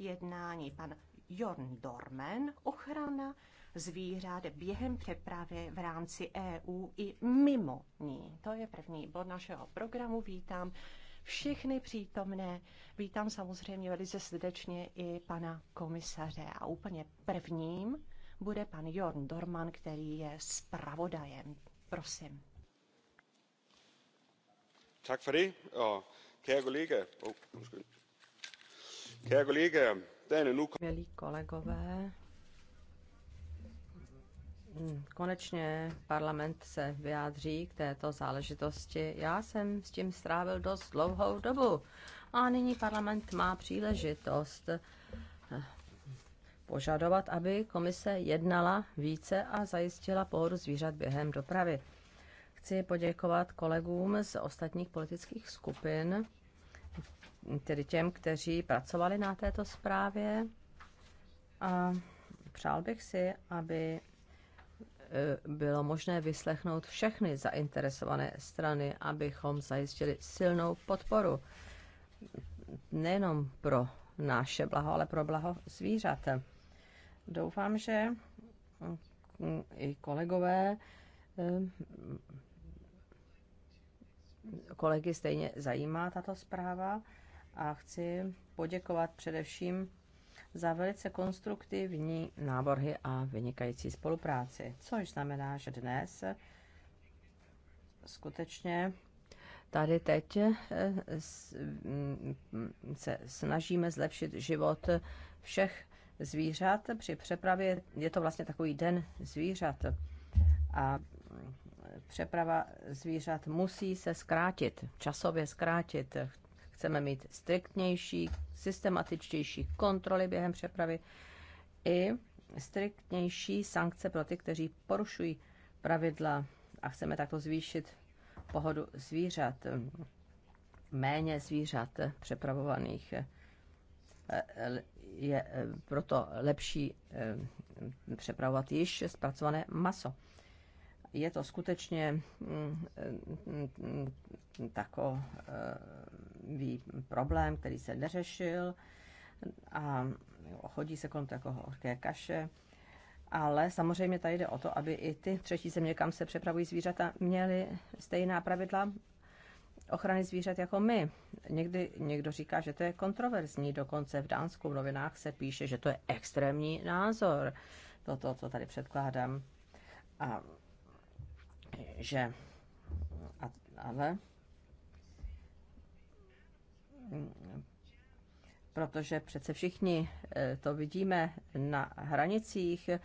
jednání pan Jorn Dormen, ochrana zvířat během přepravy v rámci EU i mimo ní. To je první bod našeho programu. Vítám všechny přítomné. Vítám samozřejmě velice srdečně i pana komisaře. A úplně prvním bude pan Jorn Dorman, který je zpravodajem. Prosím. Tak for det, og kære kollega. Oh, Milí kolegové, hmm, konečně parlament se vyjádří k této záležitosti. Já jsem s tím strávil dost dlouhou dobu a nyní parlament má příležitost eh, požadovat, aby komise jednala více a zajistila pohodu zvířat během dopravy. Chci poděkovat kolegům z ostatních politických skupin, tedy těm, kteří pracovali na této zprávě. A přál bych si, aby e, bylo možné vyslechnout všechny zainteresované strany, abychom zajistili silnou podporu nejenom pro naše blaho, ale pro blaho zvířat. Doufám, že mm, i kolegové, e, kolegy stejně zajímá tato zpráva a chci poděkovat především za velice konstruktivní návrhy a vynikající spolupráci, což znamená, že dnes skutečně tady teď eh, mm, se snažíme zlepšit život všech zvířat při přepravě. Je to vlastně takový den zvířat a přeprava zvířat musí se zkrátit, časově zkrátit. Chceme mít striktnější, systematičtější kontroly během přepravy i striktnější sankce pro ty, kteří porušují pravidla a chceme takto zvýšit pohodu zvířat, méně zvířat přepravovaných je proto lepší eh, přepravovat již zpracované maso. Je to skutečně mm, mm, mm, tako, eh, nový problém, který se neřešil a chodí se kolem takové horké kaše. Ale samozřejmě tady jde o to, aby i ty třetí země, kam se přepravují zvířata, měly stejná pravidla ochrany zvířat jako my. Někdy někdo říká, že to je kontroverzní, dokonce v Dánsku v novinách se píše, že to je extrémní názor, toto, co tady předkládám. A že, a, ale protože přece všichni eh, to vidíme na hranicích, eh,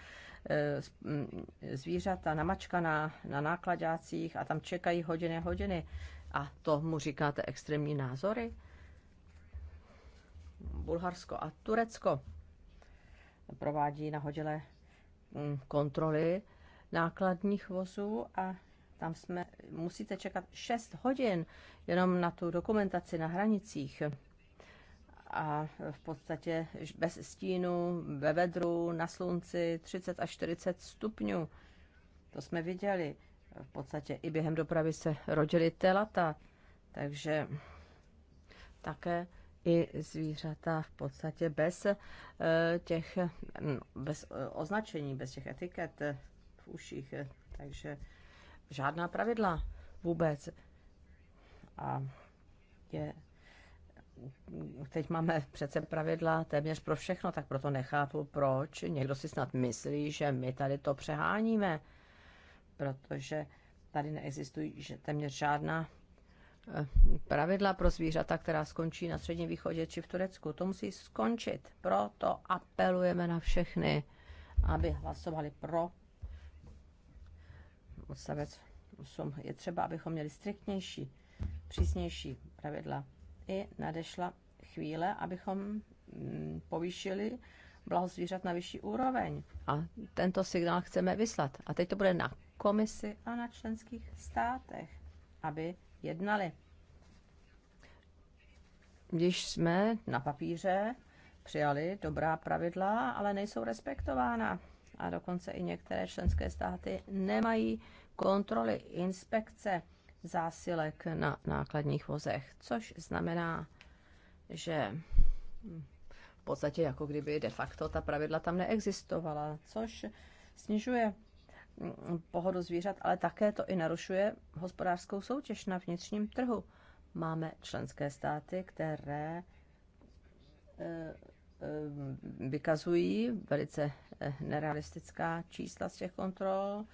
mm, zvířata namačkaná na nákladácích a tam čekají hodiny hodiny. A to mu říkáte extrémní názory? Bulharsko a Turecko provádí nahodilé mm, kontroly nákladních vozů a tam jsme, musíte čekat 6 hodin jenom na tu dokumentaci na hranicích. A v podstatě bez stínu, ve vedru, na slunci 30 až 40 stupňů. To jsme viděli. V podstatě i během dopravy se rodily telata, takže také i zvířata v podstatě bez eh, těch bez eh, označení, bez těch etiket eh, v uších. Takže žádná pravidla vůbec. A je, teď máme přece pravidla téměř pro všechno, tak proto nechápu, proč. Někdo si snad myslí, že my tady to přeháníme, protože tady neexistují že téměř žádná eh, pravidla pro zvířata, která skončí na Středním východě či v Turecku. To musí skončit. Proto apelujeme na všechny, aby hlasovali pro odstavec 8. Je třeba, abychom měli striktnější, přísnější pravidla. I nadešla chvíle, abychom mm, povýšili blaho zvířat na vyšší úroveň. A tento signál chceme vyslat. A teď to bude na komisi a na členských státech, aby jednali. Když jsme na papíře přijali dobrá pravidla, ale nejsou respektována a dokonce i některé členské státy nemají kontroly inspekce zásilek na nákladních vozech, což znamená, že v podstatě jako kdyby de facto ta pravidla tam neexistovala, což snižuje pohodu zvířat, ale také to i narušuje hospodářskou soutěž na vnitřním trhu. Máme členské státy, které eh, Eh, vykazují velice eh, nerealistická čísla z těch kontrol.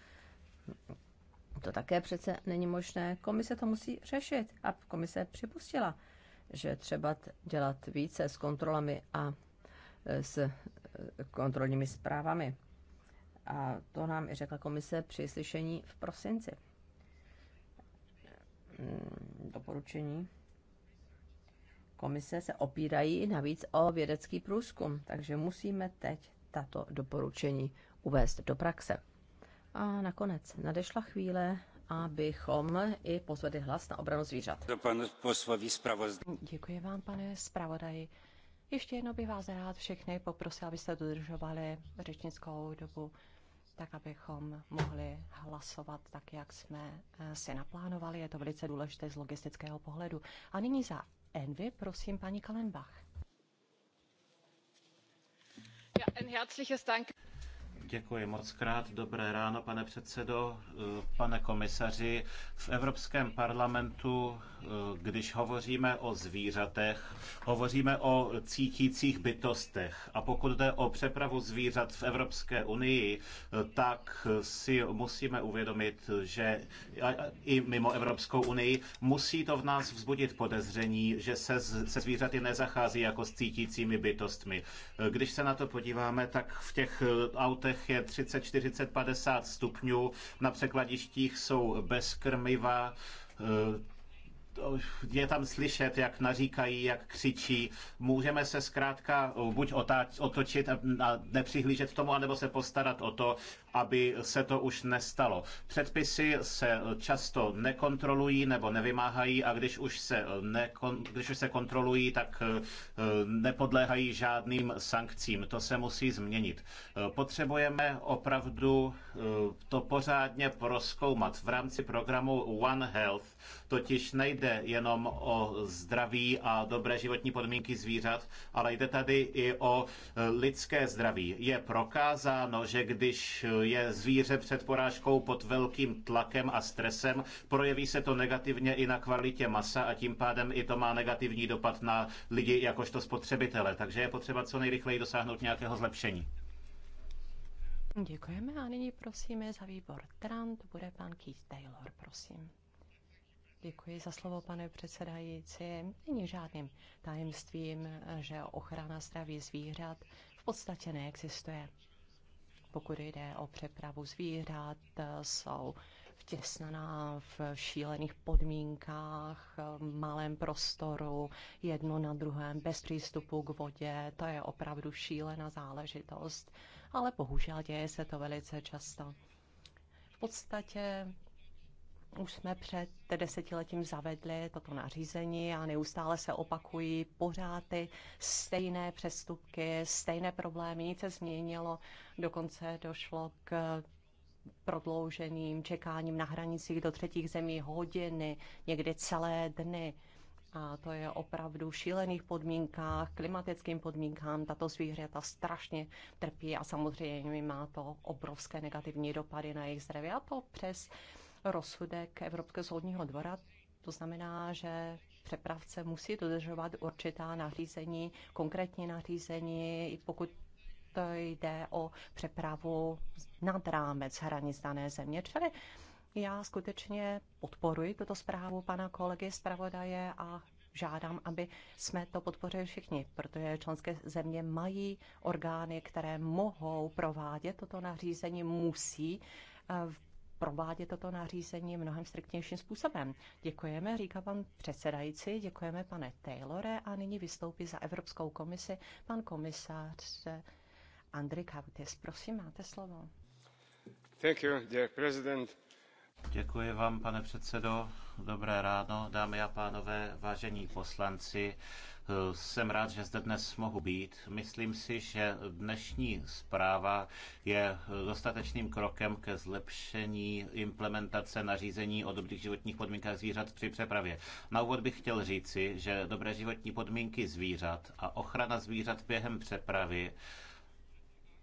To také přece není možné. Komise to musí řešit a komise připustila, že třeba dělat více s kontrolami a eh, s kontrolními zprávami. A to nám i řekla komise při slyšení v prosinci. Hmm, doporučení komise se opírají i navíc o vědecký průzkum, takže musíme teď tato doporučení uvést do praxe. A nakonec nadešla chvíle, abychom i pozvedli hlas na obranu zvířat. Děkuji vám, pane zpravodaji. Ještě jednou bych vás rád všechny poprosil, abyste dodržovali řečnickou dobu, tak abychom mohli hlasovat tak, jak jsme eh, si naplánovali. Je to velice důležité z logistického pohledu. A nyní za Envy. Prosím, paní Kalenbach. Ja, ein herzliches Dank. Děkuji moc krát. Dobré ráno, pane předsedo, pane komisaři. V Evropském parlamentu, když hovoříme o zvířatech, hovoříme o cítících bytostech. A pokud jde o přepravu zvířat v Evropské unii, tak si musíme uvědomit, že i mimo Evropskou unii musí to v nás vzbudit podezření, že se, se zvířaty nezachází jako s cítícími bytostmi. Když se na to podíváme, tak v těch autech letadlech je 30, 40, 50 stupňů, na překladištích jsou bez krmiva, eh, je tam slyšet, jak naříkají, jak křičí. Můžeme se zkrátka buď otáč, otočit a nepřihlížet tomu, anebo se postarat o to, aby se to už nestalo. Předpisy se často nekontrolují nebo nevymáhají a když už se, nekon, když už se kontrolují, tak eh, nepodléhají žádným sankcím. To se musí změnit. Eh, potřebujeme opravdu eh, to pořádně proskoumat v rámci programu One Health. Totiž nejde jenom o zdraví a dobré životní podmínky zvířat, ale jde tady i o lidské zdraví. Je prokázáno, že když je zvíře před porážkou pod velkým tlakem a stresem. Projeví se to negativně i na kvalitě masa a tím pádem i to má negativní dopad na lidi jakožto spotřebitele. Takže je potřeba co nejrychleji dosáhnout nějakého zlepšení. Děkujeme a nyní prosíme za výbor Trant, bude pan Keith Taylor, prosím. Děkuji za slovo, pane předsedající. Není žádným tajemstvím, že ochrana zdraví zvířat v podstatě neexistuje pokud jde o přepravu zvířat, eh, jsou vtěsnaná v šílených podmínkách, eh, v malém prostoru, jedno na druhém, bez přístupu k vodě. To je opravdu šílená záležitost, ale bohužel děje se to velice často. V podstatě už jsme před desetiletím zavedli toto nařízení a neustále se opakují pořád ty stejné přestupky, stejné problémy, nic se změnilo, dokonce došlo k prodlouženým čekáním na hranicích do třetích zemí hodiny, někdy celé dny. A to je opravdu v šílených podmínkách, klimatickým podmínkám. Tato zvířata strašně trpí a samozřejmě má to obrovské negativní dopady na jejich zdraví. A to přes uh, rozsudek Evropského soudního dvora. To znamená, že přepravce musí dodržovat určitá nařízení, konkrétní nařízení, pokud to jde o přepravu nad rámec hranic dané země. Čili já skutečně podporuji tuto zprávu pana kolegy zpravodaje a žádám, aby jsme to podpořili všichni, protože členské země mají orgány, které mohou provádět toto nařízení, musí eh, provádět toto nařízení mnohem striktnějším způsobem. Děkujeme, říká pan předsedající, děkujeme pane Taylore a nyní vystoupí za Evropskou komisi pan komisář Andrej Kavitis. Prosím, máte slovo. Thank you, dear president. Děkuji vám, pane předsedo. Dobré ráno, dámy a pánové, vážení poslanci. Jsem rád, že zde dnes mohu být. Myslím si, že dnešní zpráva je dostatečným krokem ke zlepšení implementace nařízení o dobrých životních podmínkách zvířat při přepravě. Na úvod bych chtěl říci, že dobré životní podmínky zvířat a ochrana zvířat během přepravy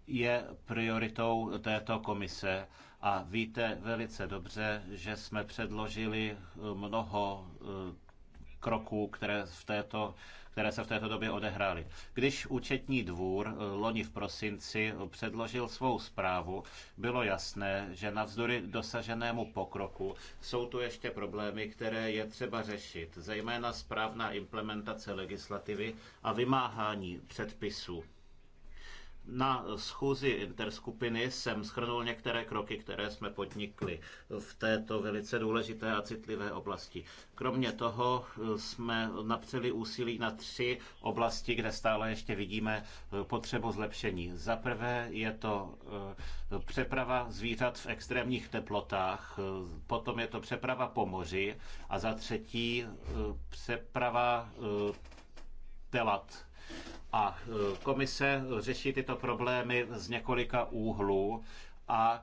je prioritou této komise a víte velice dobře, že jsme předložili mnoho eh, kroků, které v této které se v této době odehrály. Když účetní dvůr eh, loni v prosinci eh, předložil svou zprávu, bylo jasné, že navzdory dosaženému pokroku jsou tu ještě problémy, které je třeba řešit, zejména správná implementace legislativy a vymáhání předpisů. Na schůzi interskupiny jsem schrnul některé kroky, které jsme podnikli v této velice důležité a citlivé oblasti. Kromě toho eh, jsme napřeli úsilí na tři oblasti, kde stále ještě vidíme eh, potřebu zlepšení. Za prvé je to eh, přeprava zvířat v extrémních teplotách, potom je to přeprava po moři a za třetí přeprava telat a e, komise řeší tyto problémy z několika úhlů a e,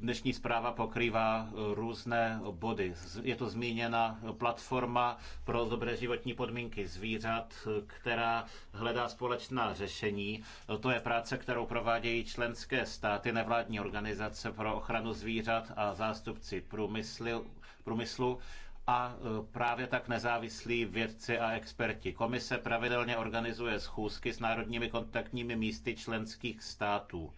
dnešní zpráva pokrývá e, různé body. Je to zmíněna platforma pro dobré životní podmínky zvířat, která hledá společná řešení. To je práce, kterou provádějí členské státy, nevládní organizace pro ochranu zvířat a zástupci průmyslu, průmyslu a e, právě tak nezávislí vědci a experti. Komise pravidelně organizuje schůzky s národními kontaktními místy členských států.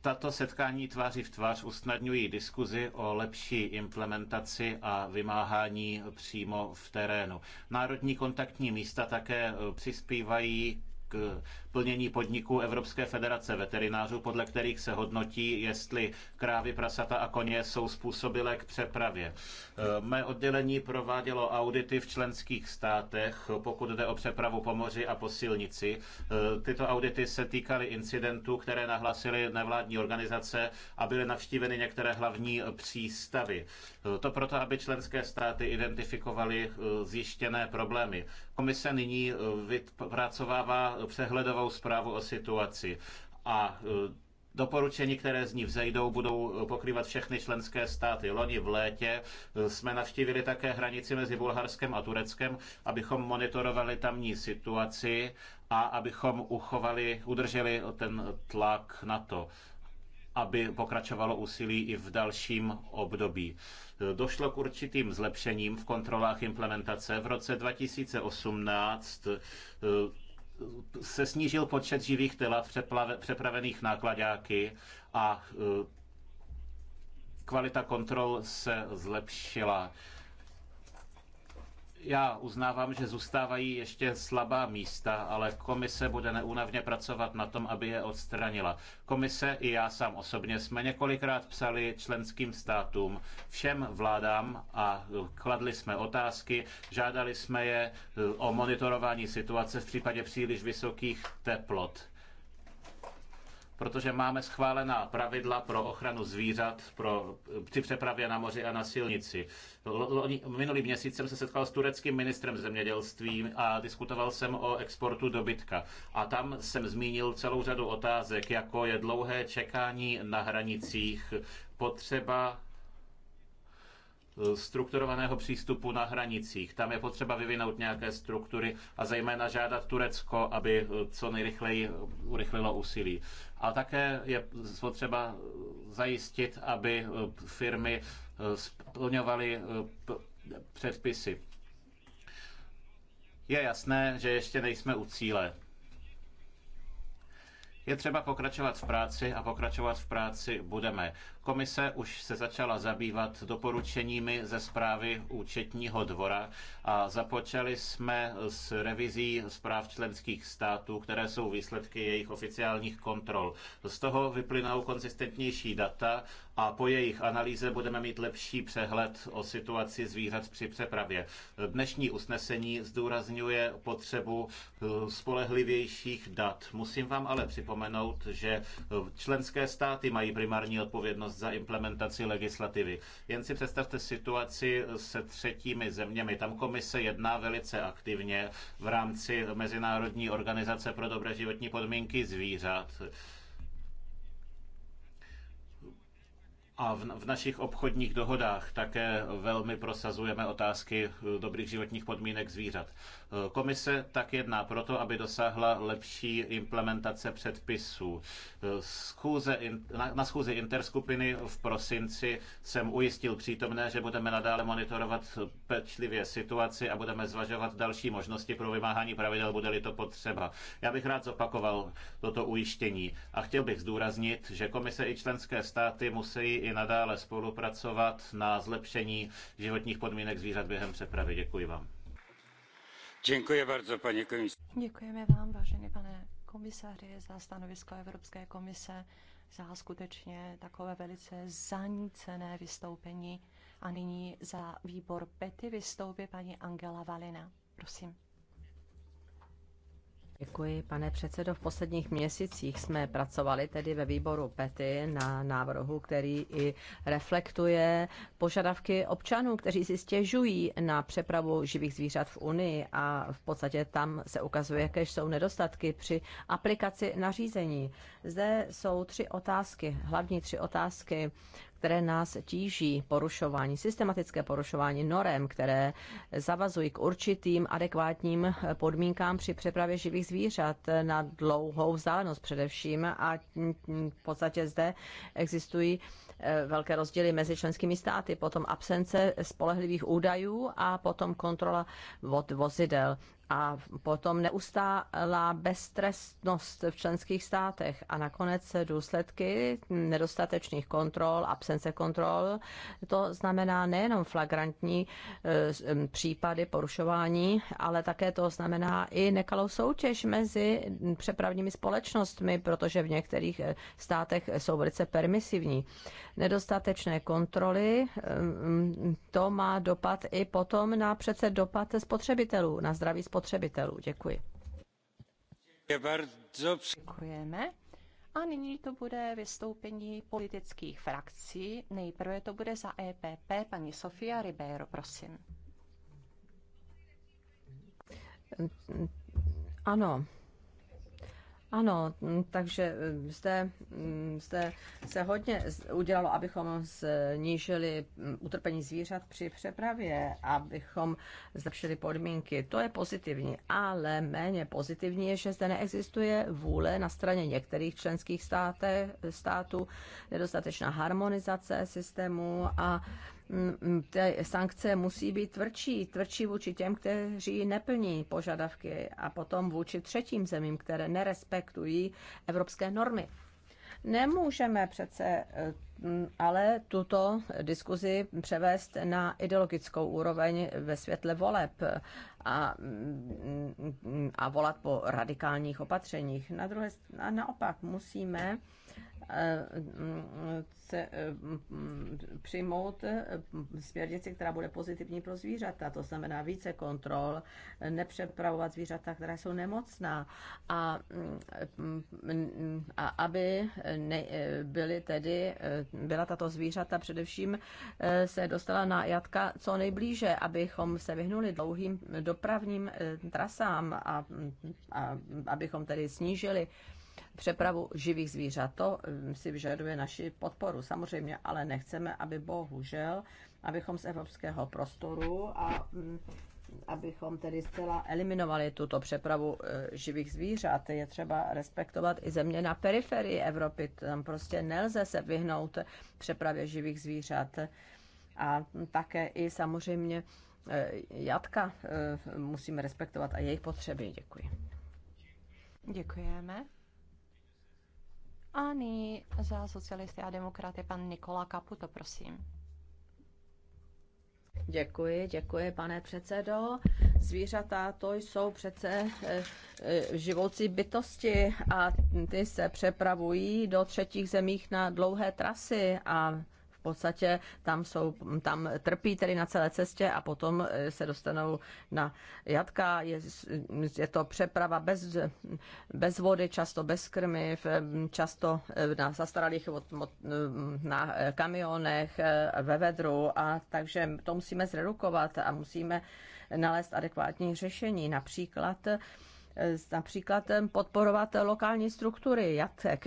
Tato setkání tváří v tvář usnadňují diskuzi o lepší implementaci a vymáhání přímo v terénu. Národní kontaktní místa také e, přispívají k plnění podniků Evropské federace veterinářů, podle kterých se hodnotí, jestli krávy, prasata a koně jsou způsobilé k přepravě. E, mé oddělení provádělo audity v členských státech, pokud jde o přepravu po moři a po silnici. E, tyto audity se týkaly incidentů, které nahlásily nevládní organizace a byly navštíveny některé hlavní přístavy. E, to proto, aby členské státy identifikovaly zjištěné problémy. Komise nyní vypracovává přehledovou celou zprávu o situaci. A e, Doporučení, které z ní vzejdou, budou e, pokrývat všechny členské státy. Loni v létě e, jsme navštívili také hranici mezi Bulharskem a Tureckem, abychom monitorovali tamní situaci a abychom uchovali, udrželi ten tlak na to, aby pokračovalo úsilí i v dalším období. Došlo k určitým zlepšením v kontrolách implementace. V roce 2018 se snížil počet živých telat přepravených nákladáky a e, kvalita kontrol se zlepšila já uznávám, že zůstávají ještě slabá místa, ale komise bude neúnavně pracovat na tom, aby je odstranila. Komise i já sám osobně jsme několikrát psali členským státům, všem vládám a kladli jsme otázky, žádali jsme je e, o monitorování situace v případě příliš vysokých teplot protože máme schválená pravidla pro ochranu zvířat pro, při přepravě na moři a na silnici. Minulý měsíc jsem se setkal s tureckým ministrem zemědělství a diskutoval jsem o exportu dobytka. A tam jsem zmínil celou řadu otázek, jako je dlouhé čekání na hranicích, potřeba Eh, strukturovaného přístupu na hranicích. Tam je potřeba vyvinout nějaké struktury a zejména žádat Turecko, aby eh, co nejrychleji eh, urychlilo úsilí. A také je potřeba zajistit, aby firmy splňovaly předpisy. Je jasné, že ještě nejsme u cíle je třeba pokračovat v práci a pokračovat v práci budeme. Komise už se začala zabývat doporučeními ze zprávy účetního dvora a započali jsme s revizí zpráv členských států, které jsou výsledky jejich oficiálních kontrol. Z toho vyplynou konzistentnější data a po jejich analýze budeme mít lepší přehled o situaci zvířat při přepravě. Dnešní usnesení zdůrazňuje potřebu eh, spolehlivějších dat. Musím vám ale připomenout, připomenout, že členské státy mají primární odpovědnost za implementaci legislativy. Jen si představte situaci se třetími zeměmi. Tam komise jedná velice aktivně v rámci Mezinárodní organizace pro dobré životní podmínky zvířat. A v, v našich obchodních dohodách také velmi prosazujeme otázky eh, dobrých životních podmínek zvířat. Eh, komise tak jedná proto, aby dosáhla lepší implementace předpisů. Eh, schůze, na, na schůzi interskupiny v prosinci jsem ujistil přítomné, že budeme nadále monitorovat pečlivě situaci a budeme zvažovat další možnosti pro vymáhání pravidel, bude-li to potřeba. Já bych rád zopakoval toto ujištění a chtěl bych zdůraznit, že komise i členské státy musí i nadále spolupracovat na zlepšení životních podmínek zvířat během přepravy. Děkuji vám. Děkuji bardzo, paní komisaři. Děkujeme vám, vážený pane komisáři za stanovisko Evropské komise, za skutečně takové velice zanícené vystoupení. A nyní za výbor PETI vystoupí paní Angela Valina. Prosím. Děkuji, pane předsedo. V posledních měsících jsme pracovali tedy ve výboru PETY na návrhu, který i reflektuje požadavky občanů, kteří si stěžují na přepravu živých zvířat v Unii a v podstatě tam se ukazuje, jaké jsou nedostatky při aplikaci nařízení. Zde jsou tři otázky, hlavní tři otázky které nás tíží, porušování, systematické porušování norem, které zavazují k určitým adekvátním podmínkám při přepravě živých zvířat na dlouhou vzdálenost především a v podstatě zde existují eh, velké rozdíly mezi členskými státy, potom absence spolehlivých údajů a potom kontrola vod vozidel a potom neustálá beztrestnost v členských státech a nakonec důsledky nedostatečných kontrol, absence kontrol, to znamená nejenom flagrantní e, případy porušování, ale také to znamená i nekalou soutěž mezi přepravními společnostmi, protože v některých e, státech jsou velice permisivní. Nedostatečné kontroly, e, to má dopad i potom na přece dopad spotřebitelů, na zdraví spotřebitelů spotřebitelů. Děkuji. Děkujeme. A nyní to bude vystoupení politických frakcí. Nejprve to bude za EPP paní Sofia Ribeiro, prosím. Ano, ano, mm, takže mm, zde, mm, zde se hodně udělalo, abychom snížili utrpení zvířat při přepravě, abychom zlepšili podmínky. To je pozitivní, ale méně pozitivní je, že zde neexistuje vůle na straně některých členských státe, států, nedostatečná harmonizace systému a Mm, mm, ty sankce musí být tvrdší, tvrdší vůči těm, kteří neplní požadavky a potom vůči třetím zemím, které nerespektují evropské normy. Nemůžeme přece eh, mm, ale tuto diskuzi převést na ideologickou úroveň ve světle voleb a, a volat po radikálních opatřeních. Na druhé a naopak musíme se eh, přijmout eh, směrnici, která bude pozitivní pro zvířata, to znamená více kontrol, nepřepravovat zvířata, která jsou nemocná a, mm, a aby ne, byly tedy, eh, byla tato zvířata především se dostala na jatka co nejblíže, abychom se vyhnuli dlouhým dopravním trasám a, a abychom tedy snížili přepravu živých zvířat. To mm, si vyžaduje naši podporu samozřejmě, ale nechceme, aby bohužel, abychom z evropského prostoru a mm, abychom tedy zcela eliminovali tuto přepravu e, živých zvířat. Je třeba respektovat i země na periferii Evropy. Tam prostě nelze se vyhnout přepravě živých zvířat. A také i samozřejmě e, jatka e, musíme respektovat a jejich potřeby. Děkuji. Děkujeme. A nyní za socialisty a demokraty pan Nikola Kaputo, prosím. Děkuji, děkuji, pane předsedo. Zvířata to jsou přece eh, eh, živoucí bytosti a ty se přepravují do třetích zemích na dlouhé trasy a v podstatě tam, jsou, tam trpí tedy na celé cestě a potom eh, se dostanou na jatka. Je, je to přeprava bez, bez vody, často bez krmiv, často eh, na zastaralých na eh, kamionech, ve vedru a takže to musíme zredukovat a musíme nalézt adekvátní řešení. Například například podporovat lokální struktury jatek,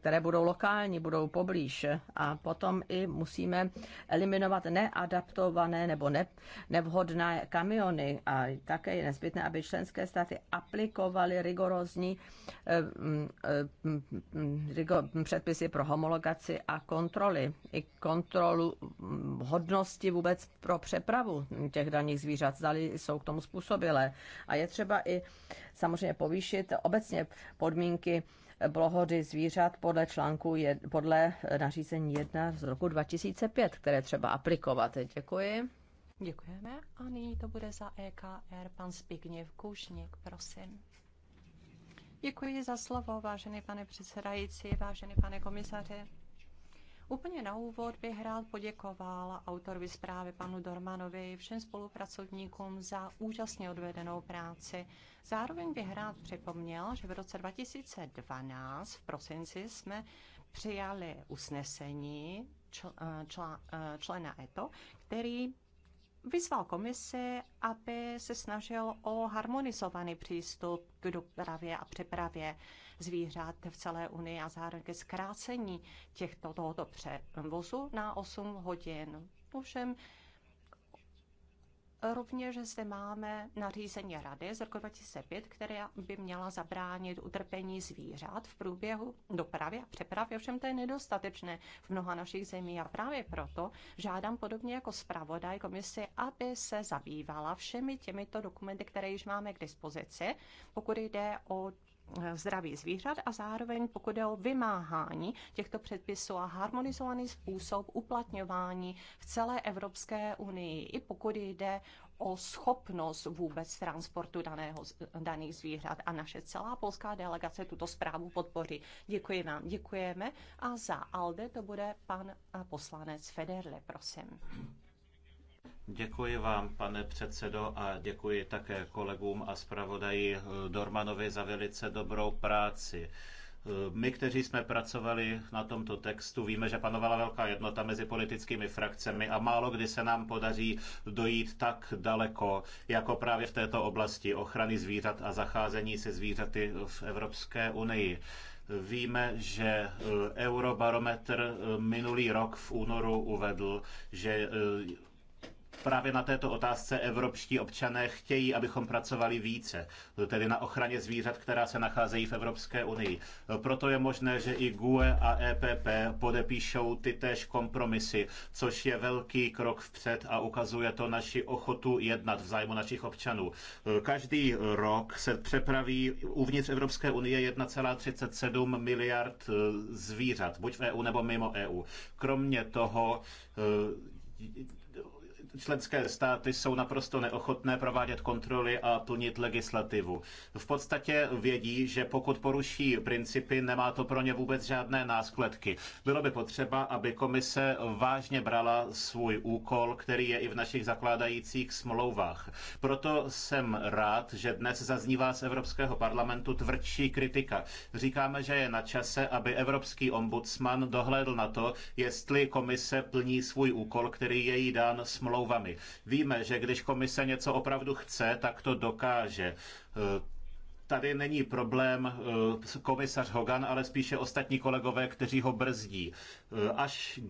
které budou lokální, budou poblíž. A potom i musíme eliminovat neadaptované nebo ne, nevhodné kamiony. A také je nezbytné, aby členské státy aplikovaly rigorózní předpisy pro homologaci a kontroly. I kontrolu mm, hodnosti vůbec pro přepravu těch daných zvířat, zdali jsou k tomu způsobilé. A je třeba i samozřejmě samozřejmě povýšit obecně podmínky blohody zvířat podle článku je, podle nařízení 1 z roku 2005, které třeba aplikovat. Děkuji. Děkujeme a nyní to bude za EKR pan Spigněv kůžník, prosím. Děkuji za slovo, vážený pane předsedající, vážený pane komisaři. Úplně na úvod bych rád poděkoval autorovi zprávy panu Dormanovi všem spolupracovníkům za úžasně odvedenou práci. Zároveň bych rád připomněl, že v roce 2012 v prosinci jsme přijali usnesení čl, eh, čl, eh, člena ETO, který vyzval komisi, aby se snažil o harmonizovaný přístup k dopravě a přepravě zvířat v celé Unii a zároveň ke zkrácení těchto, tohoto převozu na 8 hodin. Ovšem, Rovněž zde máme nařízení Rady z roku 2005, která by měla zabránit utrpení zvířat v průběhu dopravy a přepravy. Ovšem to je nedostatečné v mnoha našich zemí a právě proto žádám podobně jako zpravodaj komisi, aby se zabývala všemi těmito dokumenty, které již máme k dispozici, pokud jde o Eh, zdraví zvířat a zároveň pokud je o vymáhání těchto předpisů a harmonizovaný způsob uplatňování v celé Evropské unii, i pokud jde o schopnost vůbec transportu daného, daných zvířat a naše celá polská delegace tuto zprávu podpoří. Děkuji vám, děkujeme a za ALDE to bude pan eh, poslanec Federle, prosím. Děkuji vám, pane předsedo, a děkuji také kolegům a zpravodaji eh, Dormanovi za velice dobrou práci. Eh, my, kteří jsme pracovali na tomto textu, víme, že panovala velká jednota mezi politickými frakcemi a málo kdy se nám podaří dojít tak daleko, jako právě v této oblasti ochrany zvířat a zacházení se zvířaty v Evropské unii. Víme, že eh, Eurobarometr minulý rok v únoru uvedl, že právě na této otázce evropští občané chtějí, abychom pracovali více, tedy na ochraně zvířat, která se nacházejí v Evropské unii. Proto je možné, že i GUE a EPP podepíšou ty též kompromisy, což je velký krok vpřed a ukazuje to naši ochotu jednat v zájmu našich občanů. Každý rok se přepraví uvnitř Evropské unie 1,37 miliard eh, zvířat, buď v EU nebo mimo EU. Kromě toho eh, členské státy jsou naprosto neochotné provádět kontroly a plnit legislativu. V podstatě vědí, že pokud poruší principy, nemá to pro ně vůbec žádné náskledky. Bylo by potřeba, aby komise vážně brala svůj úkol, který je i v našich zakládajících smlouvách. Proto jsem rád, že dnes zaznívá z Evropského parlamentu tvrdší kritika. Říkáme, že je na čase, aby Evropský ombudsman dohlédl na to, jestli komise plní svůj úkol, který je jí dán smlouvou smlouvami. Víme, že když komise něco opravdu chce, tak to dokáže eh, tady není problém eh, komisař Hogan, ale spíše ostatní kolegové, kteří ho brzdí. Eh, až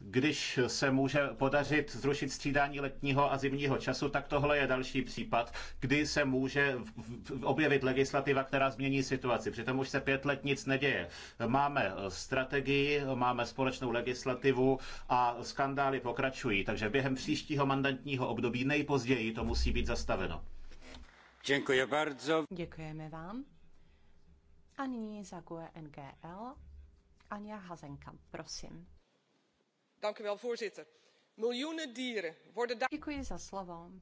když se může podařit zrušit střídání letního a zimního času, tak tohle je další případ, kdy se může objevit legislativa, která změní situaci. Přitom už se pět let nic neděje. Máme eh, strategii, máme společnou legislativu a skandály pokračují. Takže během příštího mandantního období nejpozději to musí být zastaveno. Děkuji bardzo. Děkujeme vám. A nyní zaguje NGL. Anja Hazenka, prosím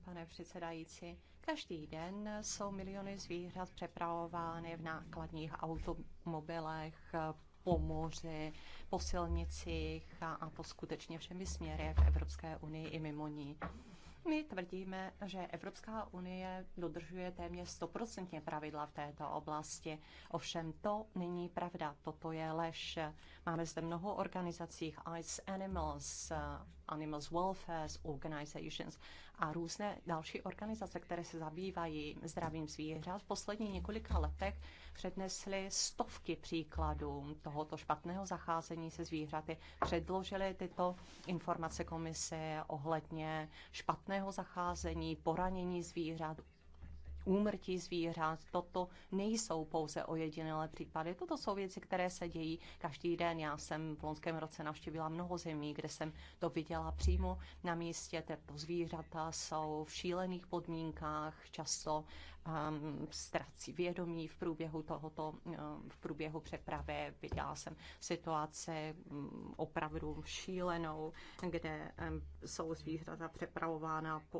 pane předsedající. Každý den jsou miliony zvířat přepravovány v nákladních automobilech po moři, po silnicích a, to skutečně všemi směry v Evropské unii i mimo ni. My tvrdíme, že Evropská unie dodržuje téměř stoprocentně pravidla v této oblasti. Ovšem to není pravda, toto je lež. Máme zde mnoho organizací, Ice Animals, Animals Welfare Organizations a různé další organizace, které se zabývají zdravím zvířat, v posledních několika letech přednesly stovky příkladů tohoto špatného zacházení se zvířaty, předložily tyto informace komise ohledně špatného zacházení, poranění zvířat, úmrtí zvířat. Toto nejsou pouze ojedinělé případy. Toto jsou věci, které se dějí každý den. Já jsem v loňském roce navštívila mnoho zemí, kde jsem to viděla přímo na místě. Tato zvířata jsou v šílených podmínkách, často um, ztrací vědomí v průběhu tohoto, um, v průběhu přepravy. Viděla jsem situace um, opravdu šílenou, kde um, jsou zvířata přepravována po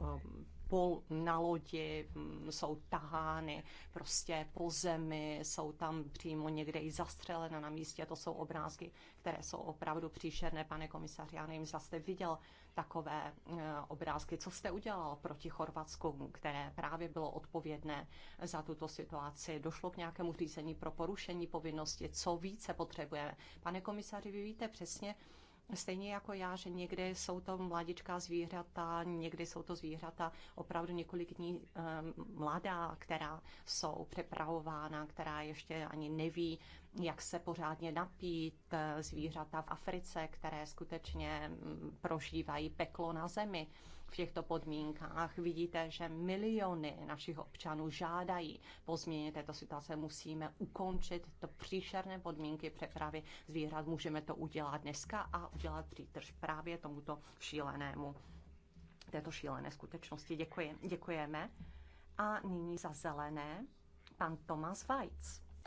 um, pol na lodi, mm, jsou tahány prostě po zemi, jsou tam přímo někde i zastřelena na místě. To jsou obrázky, které jsou opravdu příšerné, pane komisaři. Já nevím, zda jste viděl takové eh, obrázky. Co jste udělal proti Chorvatsku, které právě bylo odpovědné za tuto situaci? Došlo k nějakému řízení pro porušení povinnosti? Co více potřebujeme? Pane komisaři, vy víte přesně, stejně jako já, že někdy jsou to mladička zvířata, někdy jsou to zvířata opravdu několik dní eh, mladá, která jsou přepravována, která ještě ani neví, jak se pořádně napít, eh, zvířata v Africe, které skutečně mm, prožívají peklo na zemi v těchto podmínkách. Vidíte, že miliony našich občanů žádají po změně této situace. Musíme ukončit to příšerné podmínky přepravy zvířat. Můžeme to udělat dneska a udělat přítrž právě tomuto šílenému této šílené skutečnosti. Děkuji. Děkujeme. A nyní za zelené pan Tomas Weitz.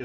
Eh,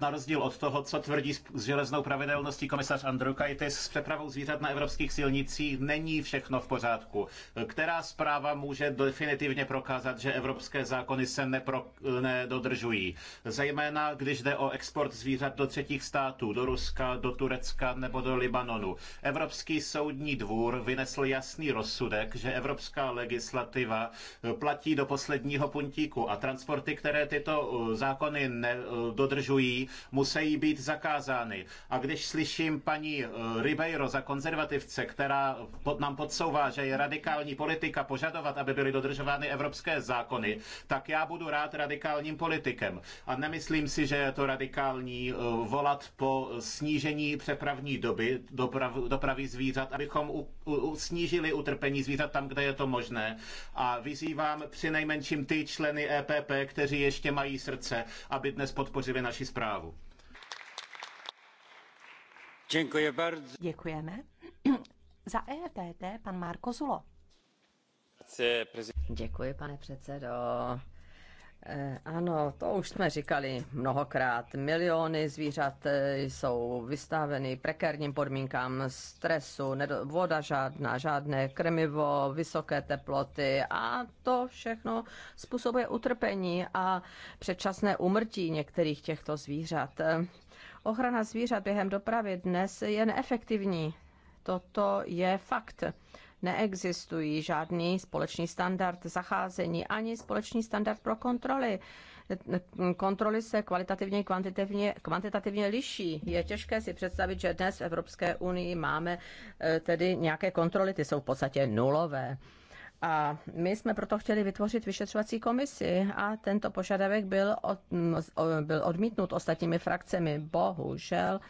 na rozdíl od toho, co tvrdí s železnou pravidelností komisař Andrukaitis, s přepravou zvířat na evropských silnicích není všechno v pořádku. Která zpráva může definitivně prokázat, že evropské zákony se nepro, nedodržují? Zejména, když jde o export zvířat do třetích států, do Ruska, do Turecka nebo do Libanonu. Evropský soudní dvůr vynesl jasný rozsudek, že evropská legislativa eh, platí do posledního puntíku a transporty, které tyto eh, zákony nedodržují, dodržují, musí být zakázány. A když slyším paní eh, Ribeiro za konzervativce, která pod, nám podsouvá, že je radikální politika požadovat, aby byly dodržovány evropské zákony, tak já budu rád radikálním politikem. A nemyslím si, že je to radikální eh, volat po snížení přepravní doby doprav, dopravy zvířat, abychom snížili utrpení zvířat tam, kde je to možné. A vyzývám při nejmenším ty členy EPP, kteří ještě mají srdce, aby dnes podpořili naši zprávu. Děkuji bardzo. Děkujeme. Za EFTT pan Marko Zulo. Děkuji, pane předsedo. Eh, ano, to už jsme říkali mnohokrát. Miliony zvířat eh, jsou vystaveny prekérním podmínkám stresu, voda žádná, žádné krmivo, vysoké teploty a to všechno způsobuje utrpení a předčasné umrtí některých těchto zvířat. Eh, ochrana zvířat během dopravy dnes je neefektivní. Toto je fakt neexistují žádný společný standard zacházení ani společný standard pro kontroly. Kontroly se kvalitativně i kvantitativně, kvantitativně liší. Je těžké si představit, že dnes v Evropské unii máme eh, tedy nějaké kontroly, ty jsou v podstatě nulové. A my jsme proto chtěli vytvořit vyšetřovací komisi a tento požadavek byl, od, byl odmítnut ostatními frakcemi. Bohužel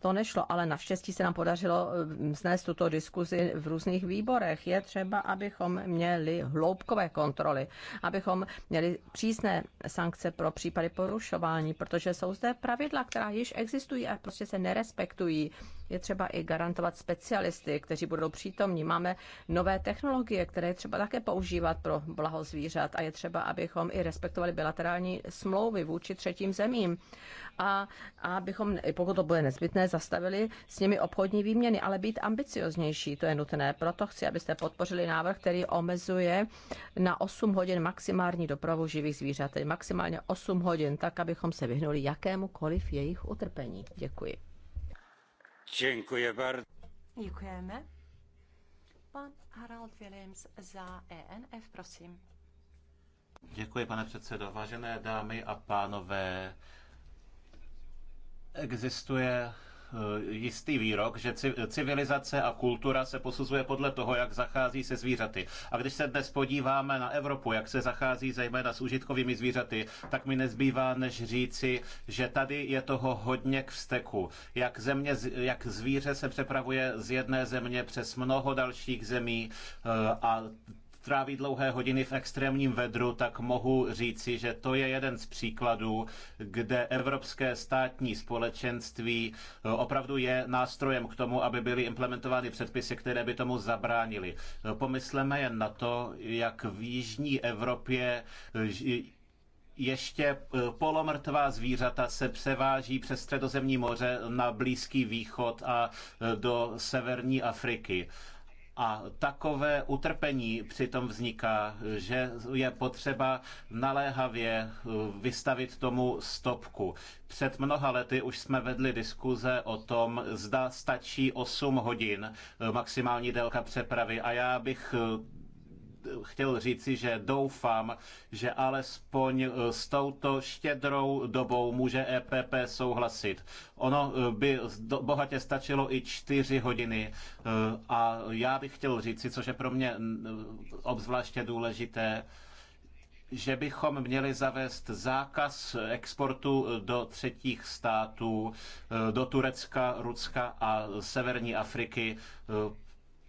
to nešlo, ale naštěstí se nám podařilo vznést eh, tuto diskuzi v různých výborech. Je třeba, abychom měli hloubkové kontroly, abychom měli přísné sankce pro případy porušování, protože jsou zde pravidla, která již existují a prostě se nerespektují je třeba i garantovat specialisty, kteří budou přítomní. Máme nové technologie, které je třeba také používat pro blaho zvířat a je třeba, abychom i respektovali bilaterální smlouvy vůči třetím zemím. A, a abychom, pokud to bude nezbytné, zastavili s nimi obchodní výměny, ale být ambicioznější, to je nutné. Proto chci, abyste podpořili návrh, který omezuje na 8 hodin maximální dopravu živých zvířat, tedy maximálně 8 hodin, tak abychom se vyhnuli jakémukoliv jejich utrpení. Děkuji. Děkuji bardzo. Dziękujemy. Pan Harald Williams za ENF, prosím. Děkuji, pane předsedo. Vážené dámy a pánové, existuje Eh, jistý výrok, že civilizace a kultura se posuzuje podle toho, jak zachází se zvířaty. A když se dnes podíváme na Evropu, jak se zachází zejména s užitkovými zvířaty, tak mi nezbývá než říci, že tady je toho hodně k vsteku. Jak, země, jak zvíře se přepravuje z jedné země přes mnoho dalších zemí eh, a tráví dlouhé hodiny v extrémním vedru, tak mohu říci, že to je jeden z příkladů, kde evropské státní společenství eh, opravdu je nástrojem k tomu, aby byly implementovány předpisy, které by tomu zabránily. Eh, pomysleme jen na to, jak v jižní Evropě eh, ještě polomrtvá zvířata se převáží přes Středozemní moře na Blízký východ a do severní Afriky. A takové utrpení přitom vzniká, že je potřeba naléhavě eh, vystavit tomu stopku. Před mnoha lety už jsme vedli diskuze o tom, zda stačí 8 hodin eh, maximální délka přepravy a já bych eh, chtěl říci, že doufám, že alespoň e, s touto štědrou dobou může EPP souhlasit. Ono e, by bohatě stačilo i čtyři hodiny e, a já bych chtěl říci, což je pro mě obzvláště důležité, že bychom měli zavést zákaz exportu do třetích států, do Turecka, Ruska a Severní Afriky,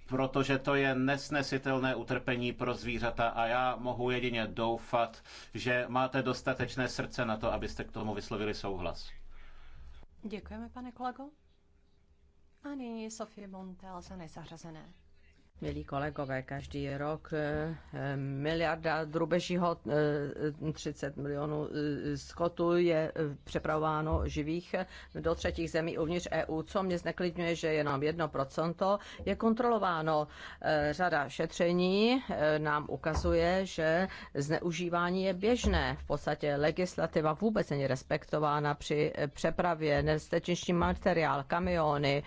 protože to je nesnesitelné utrpení pro zvířata a já mohu jedině doufat, že máte dostatečné srdce na to, abyste k tomu vyslovili souhlas. Děkujeme, pane kolego. A nyní Sofie Montel za nezařazené. Milí kolegové, každý rok eh, miliarda drubežího 30 eh, milionů eh, skotu je přepravováno živých do třetích zemí uvnitř EU, co mě zneklidňuje, že jenom 1% je kontrolováno. Řada šetření nám ukazuje, že zneužívání je běžné. V podstatě legislativa vůbec není respektována při přepravě nestečniční materiál, kamiony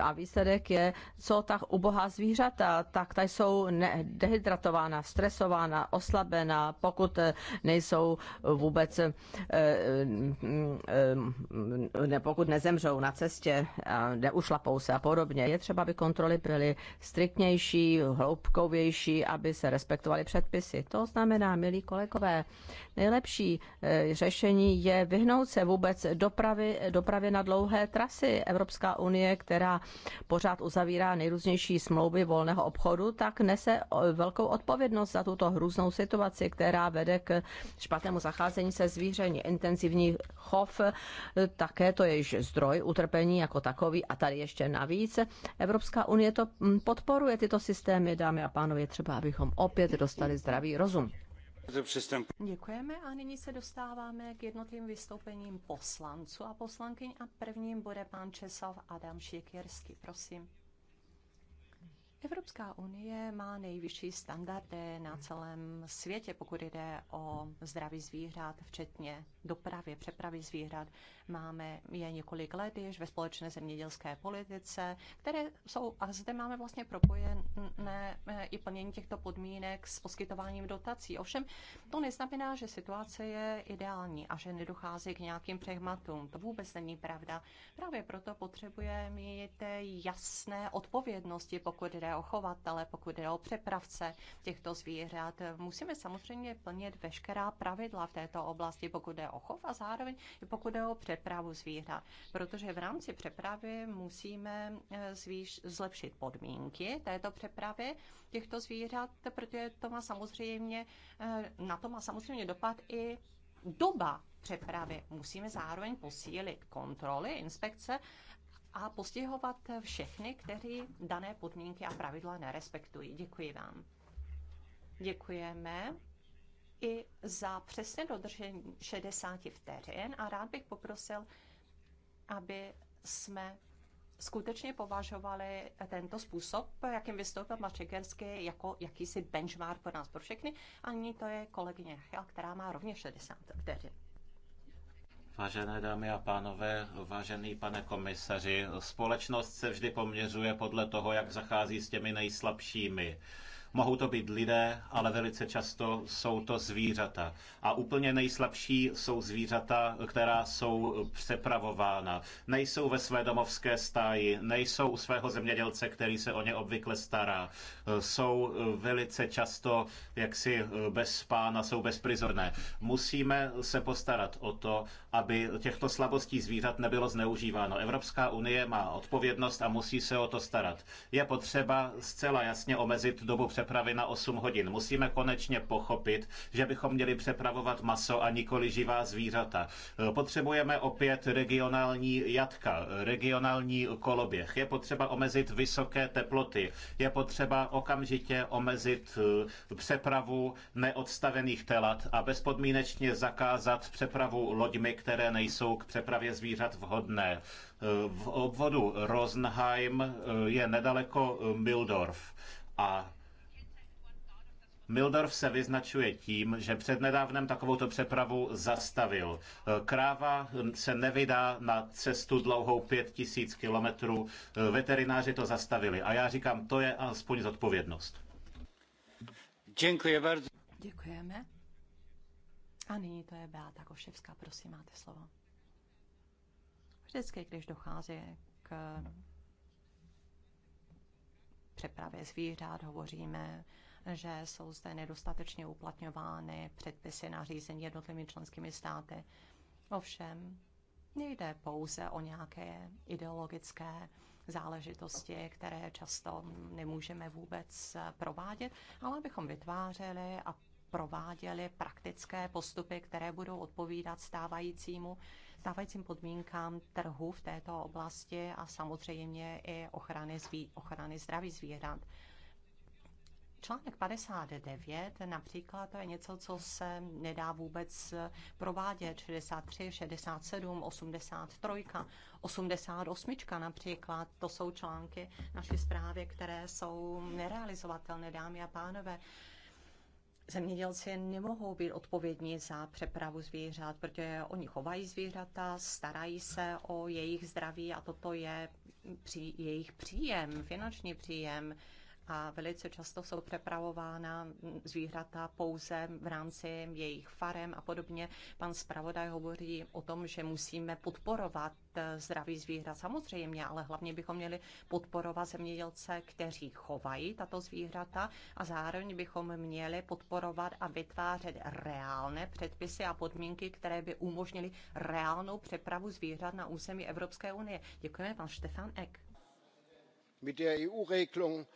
a výsledek je, co tak ubohá zvířata zvířata, tak ta jsou dehydratována, stresována, oslabená, pokud nejsou vůbec eh, ne, pokud nezemřou na cestě, neušlapou se a podobně. Je třeba, aby kontroly byly striktnější, hloubkovější, aby se respektovaly předpisy. To znamená, milí kolegové, nejlepší e, řešení je vyhnout se vůbec dopravy, dopravě na dlouhé trasy. Evropská unie, která pořád uzavírá nejrůznější smlouvy volného obchodu, tak nese e, velkou odpovědnost za tuto hrůznou situaci, která vede k špatnému zacházení se zvíření. Intenzivní chov e, také to je již zdroj utrpení jako takový a tady ještě navíc. Evropská unie to mm, podporuje, tyto systémy, dámy a pánové, třeba abychom opět dostali zdravý rozum. Děkujeme a nyní se dostáváme k jednotlivým vystoupením poslanců a poslankyň a prvním bude pan Česlav Adam Šikierský, prosím. Evropská unie má nejvyšší standardy na celém světě, pokud jde o zdraví zvířat, včetně dopravy, přepravy zvířat máme je několik let již ve společné zemědělské politice, které jsou, a zde máme vlastně propojené eh, i plnění těchto podmínek s poskytováním dotací. Ovšem, to neznamená, že situace je ideální a že nedochází k nějakým přehmatům. To vůbec není pravda. Právě proto potřebuje mít eh, jasné odpovědnosti, pokud jde o chovatele, pokud jde o přepravce těchto zvířat. Musíme samozřejmě plnit veškerá pravidla v této oblasti, pokud jde o chov a zároveň pokud jde o přepravce přepravu zvířat, protože v rámci přepravy musíme eh, zvíř, zlepšit podmínky této přepravy těchto zvířat, protože to má samozřejmě, eh, na to má samozřejmě dopad i doba přepravy. Musíme zároveň posílit kontroly, inspekce a postihovat všechny, kteří dané podmínky a pravidla nerespektují. Děkuji vám. Děkujeme i za přesné dodržení 60 vteřin a rád bych poprosil, aby jsme skutečně považovali tento způsob, jakým vystoupil Mačekersky, jako jakýsi benchmark pro nás, pro všechny. A nyní to je kolegyně Chel, která má rovněž 60 vteřin. Vážené dámy a pánové, vážený pane komisaři, společnost se vždy poměřuje podle toho, jak zachází s těmi nejslabšími. Mohou to být lidé, ale velice často jsou to zvířata. A úplně nejslabší jsou zvířata, která jsou přepravována. Nejsou ve své domovské stáji, nejsou u svého zemědělce, který se o ně obvykle stará. Jsou eh, velice často jaksi eh, bez pána, jsou bezprizorné. Musíme se postarat o to, aby těchto slabostí zvířat nebylo zneužíváno. Evropská unie má odpovědnost a musí se o to starat. Je potřeba zcela jasně omezit dobu přepravy na 8 hodin. Musíme konečně pochopit, že bychom měli přepravovat maso a nikoli živá zvířata. E, potřebujeme opět regionální jatka, e, regionální koloběh. Je potřeba omezit vysoké teploty. Je potřeba okamžitě omezit e, přepravu neodstavených telat a bezpodmínečně zakázat přepravu loďmi, které nejsou k přepravě zvířat vhodné. V obvodu Rosenheim je nedaleko Mildorf a Mildorf se vyznačuje tím, že přednedávnem takovouto přepravu zastavil. E, kráva se nevydá na cestu dlouhou 5000 kilometrů. E, veterináři to zastavili. A já říkám, to je alespoň zodpovědnost. Děkuji bardzo. Děkujeme. A nyní to je Beata Koševská. Prosím, máte slovo. Vždycky, když dochází k přepravě zvířat, hovoříme že jsou zde nedostatečně uplatňovány předpisy na řízení jednotlivými členskými státy. Ovšem, nejde pouze o nějaké ideologické záležitosti, které často nemůžeme vůbec provádět, ale abychom vytvářeli a prováděli praktické postupy, které budou odpovídat stávajícímu, stávajícím podmínkám trhu v této oblasti a samozřejmě i ochrany, zví, ochrany zdraví zvířat. Článek 59 například to je něco, co se nedá vůbec provádět. 63, 67, 83, 88 například, to jsou články naší zprávy, které jsou nerealizovatelné, dámy a pánové. Zemědělci nemohou být odpovědní za přepravu zvířat, protože oni chovají zvířata, starají se o jejich zdraví a toto je při, jejich příjem, finanční příjem a velice často jsou přepravována zvířata pouze v rámci jejich farem a podobně. Pan zpravodaj hovoří o tom, že musíme podporovat eh, zdraví zvířat samozřejmě, ale hlavně bychom měli podporovat zemědělce, kteří chovají tato zvířata a zároveň bychom měli podporovat a vytvářet reálné předpisy a podmínky, které by umožnily reálnou přepravu zvířat na území Evropské unie. Děkujeme, pan Štefan Ek mit der eu regelung.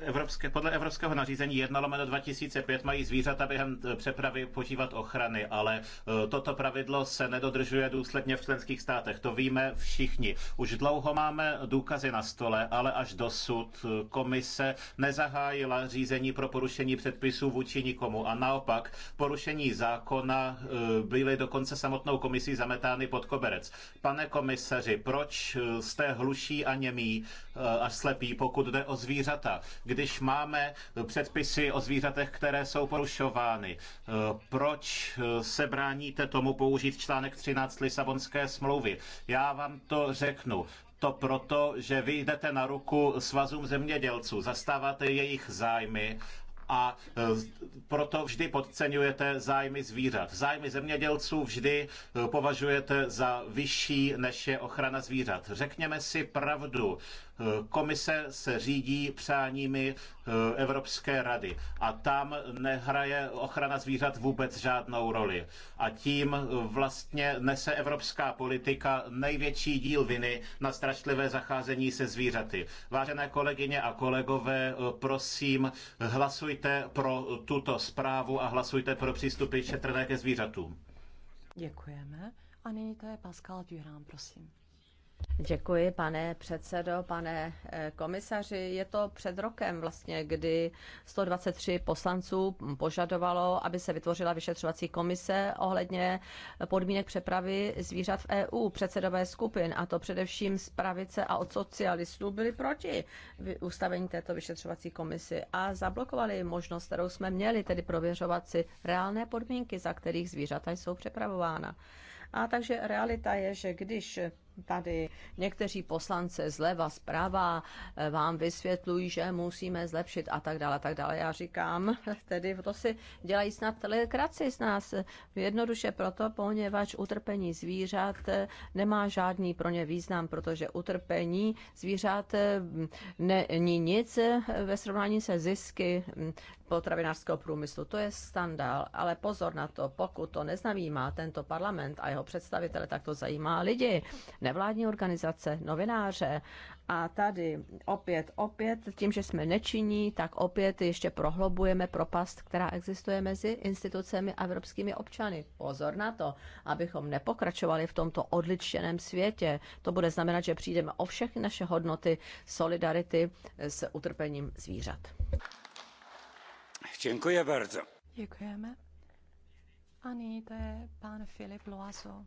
Evropské, podle evropského nařízení 1 lomeno 2005 mají zvířata během eh, přepravy požívat ochrany, ale eh, toto pravidlo se nedodržuje důsledně v členských státech. To víme všichni. Už dlouho máme důkazy na stole, ale až dosud eh, komise nezahájila řízení pro porušení předpisů vůči nikomu. A naopak porušení zákona byly dokonce samotnou komisí zametány pod koberec. Pane komisaři, proč jste hluší a němí a slepí, pokud jde o zvířata? když máme předpisy o zvířatech, které jsou porušovány, e, proč e, se bráníte tomu použít článek 13 Lisabonské smlouvy? Já vám to řeknu to proto, že vy jdete na ruku svazům zemědělců, zastáváte jejich zájmy a e, proto vždy podceňujete zájmy zvířat. Zájmy zemědělců vždy považujete za vyšší, než je ochrana zvířat. Řekněme si pravdu. Komise se řídí přáními eh, Evropské rady a tam nehraje ochrana zvířat vůbec žádnou roli. A tím vlastně nese evropská politika největší díl viny na strašlivé zacházení se zvířaty. Vážené kolegyně a kolegové, eh, prosím, hlasujte pro tuto zprávu a hlasujte pro přístupy šetrné ke zvířatům. Děkujeme. A nyní to je Pascal Durán, prosím. Děkuji, pane předsedo, pane eh, komisaři. Je to před rokem vlastně, kdy 123 poslanců požadovalo, aby se vytvořila vyšetřovací komise ohledně podmínek přepravy zvířat v EU. Předsedové skupin, a to především z pravice a od socialistů, byli proti ustavení této vyšetřovací komisy a zablokovali možnost, kterou jsme měli, tedy prověřovat si reálné podmínky, za kterých zvířata jsou přepravována. A takže realita je, že když tady někteří poslance zleva, zprava eh, vám vysvětlují, že musíme zlepšit a tak dále, a tak dále. Já říkám, tedy to si dělají snad legraci z nás. Jednoduše proto, poněvadž utrpení zvířat eh, nemá žádný pro ně význam, protože utrpení zvířat eh, není nic ve srovnání se zisky hm, potravinářského průmyslu. To je standál, ale pozor na to, pokud to neznamí má tento parlament a jeho představitele, tak to zajímá lidi nevládní organizace, novináře. A tady opět, opět, tím, že jsme nečiní, tak opět ještě prohlobujeme propast, která existuje mezi institucemi a evropskými občany. Pozor na to, abychom nepokračovali v tomto odličeném světě. To bude znamenat, že přijdeme o všechny naše hodnoty solidarity s utrpením zvířat. Děkuji bardzo. Děkujeme. A nyní to je pán Filip Loazo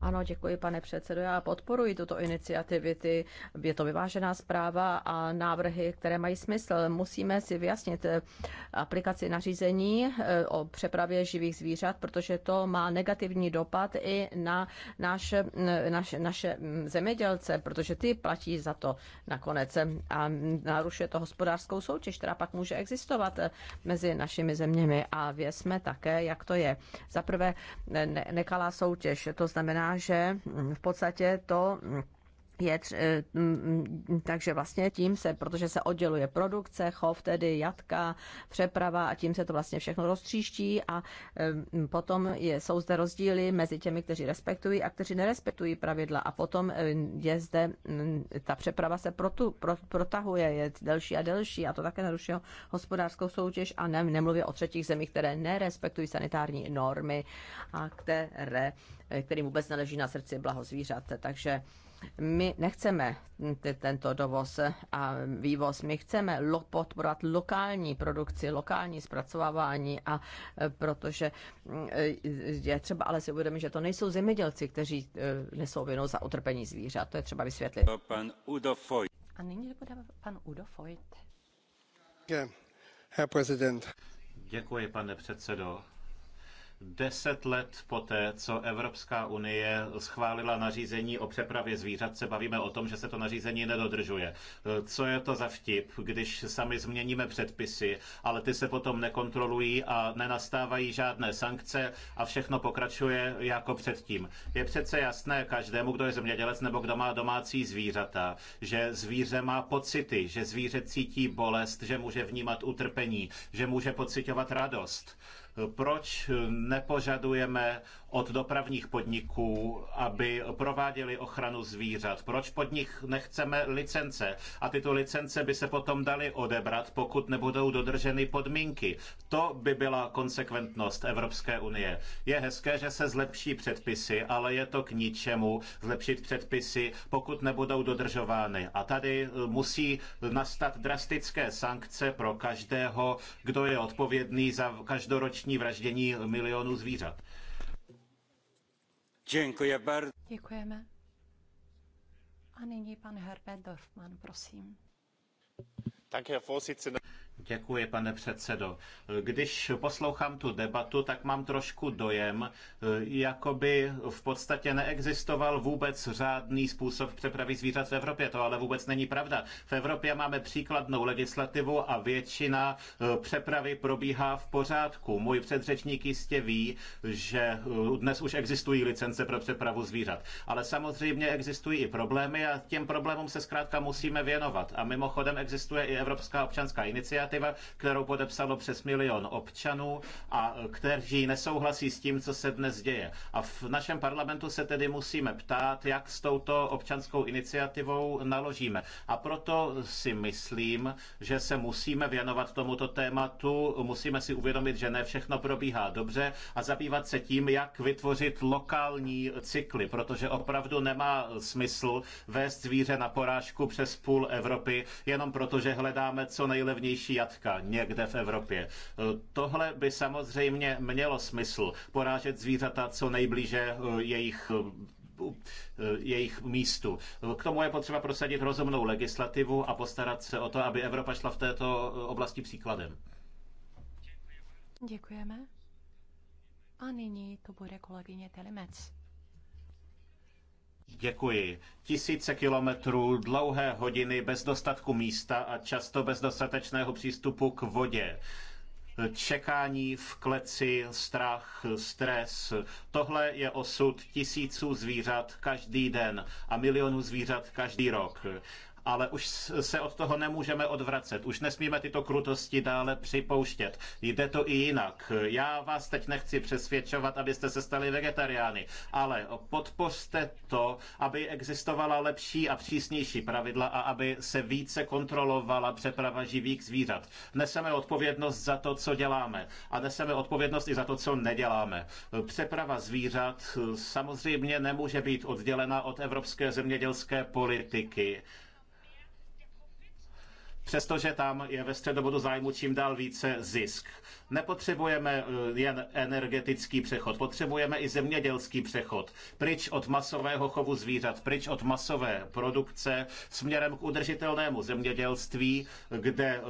ano, děkuji, pane předsedo. Já podporuji tuto iniciativu. Ty, je to vyvážená zpráva a návrhy, které mají smysl. Musíme si vyjasnit eh, aplikaci nařízení eh, o přepravě živých zvířat, protože to má negativní dopad i na naš, naš, naše eh, mm, zemědělce, protože ty platí za to nakonec a narušuje to hospodářskou soutěž, která pak může existovat mezi našimi zeměmi. A věsme také, jak to je. Za prvé, ne, nekalá soutěž, to znamená, že v podstatě to je eh, tři, mm, mm, takže vlastně tím se, protože se odděluje produkce, chov, tedy jatka, přeprava a tím se to vlastně všechno roztříští a eh, mm, potom je, jsou zde rozdíly mezi těmi, kteří respektují a kteří nerespektují pravidla a potom eh, je zde, ta přeprava se protu, pro, protahuje, je delší a delší a to také narušuje hospodářskou soutěž a ne, nemluvě o třetích zemích, které nerespektují sanitární normy a které, kterým vůbec neleží na srdci blaho zvířat. Takže my nechceme tento dovoz a vývoz, my chceme lo- podporovat lokální produkci, lokální zpracovávání a e, protože mm, e, je třeba ale si uvědomit, že to nejsou zemědělci, kteří e, nesou vinu za utrpení zvířat. To je třeba vysvětlit. Pan Udo Foyt. A nyní bude pan Udo Foyt. Yeah. Herr Präsident. Děkuji, pane předsedo. Deset let poté, co Evropská unie schválila nařízení o přepravě zvířat, se bavíme o tom, že se to nařízení nedodržuje. Co je to za vtip, když sami změníme předpisy, ale ty se potom nekontrolují a nenastávají žádné sankce a všechno pokračuje jako předtím. Je přece jasné každému, kdo je zemědělec nebo kdo má domácí zvířata, že zvíře má pocity, že zvíře cítí bolest, že může vnímat utrpení, že může pocitovat radost. Proč nepožadujeme od dopravních podniků, aby prováděli ochranu zvířat. Proč pod nich nechceme licence? A tyto licence by se potom daly odebrat, pokud nebudou dodrženy podmínky. To by byla konsekventnost Evropské unie. Je hezké, že se zlepší předpisy, ale je to k ničemu zlepšit předpisy, pokud nebudou dodržovány. A tady eh, musí nastat drastické sankce pro každého, kdo je odpovědný za každoroční vraždění milionů zvířat. Děkuji. Děkujeme. A nyní pan Herbert Dorfman, prosím. Danke, Herr Děkuji, pane předsedo. Když poslouchám tu debatu, tak mám trošku dojem, eh, jako by v podstatě neexistoval vůbec řádný způsob přepravy zvířat v Evropě. To ale vůbec není pravda. V Evropě máme příkladnou legislativu a většina eh, přepravy probíhá v pořádku. Můj předřečník jistě ví, že eh, dnes už existují licence pro přepravu zvířat. Ale samozřejmě existují i problémy a těm problémům se zkrátka musíme věnovat. A mimochodem existuje i Evropská občanská iniciativa, iniciativa, kterou podepsalo přes milion občanů a e, kteří nesouhlasí s tím, co se dnes děje. A v našem parlamentu se tedy musíme ptát, jak s touto občanskou iniciativou naložíme. A proto si myslím, že se musíme věnovat tomuto tématu, musíme si uvědomit, že ne všechno probíhá dobře a zabývat se tím, jak vytvořit lokální cykly, protože opravdu nemá smysl vést zvíře na porážku přes půl Evropy jenom proto, že hledáme co nejlevnější jatka někde v Evropě. E, tohle by samozřejmě mělo smysl. Porážet zvířata co nejblíže e, jejich e, jejich místu. K tomu je potřeba prosadit rozumnou legislativu a postarat se o to, aby Evropa šla v této oblasti příkladem. Děkujeme. A nyní to bude kolegyně Telemec. Děkuji. Tisíce kilometrů, dlouhé hodiny bez dostatku místa a často bez dostatečného přístupu k vodě čekání v kleci, strach, stres. Tohle je osud tisíců zvířat každý den a milionů zvířat každý rok ale už se od toho nemůžeme odvracet. Už nesmíme tyto krutosti dále připouštět. Jde to i jinak. Já vás teď nechci přesvědčovat, abyste se stali vegetariány, ale podpořte to, aby existovala lepší a přísnější pravidla a aby se více kontrolovala přeprava živých zvířat. Neseme odpovědnost za to, co děláme a neseme odpovědnost i za to, co neděláme. Přeprava zvířat eh, samozřejmě nemůže být oddělena od evropské zemědělské politiky přestože tam je ve středobodu zájmu čím dál více zisk. Nepotřebujeme eh, jen energetický přechod, potřebujeme i zemědělský přechod. Pryč od masového chovu zvířat, pryč od masové produkce směrem k udržitelnému zemědělství, kde eh,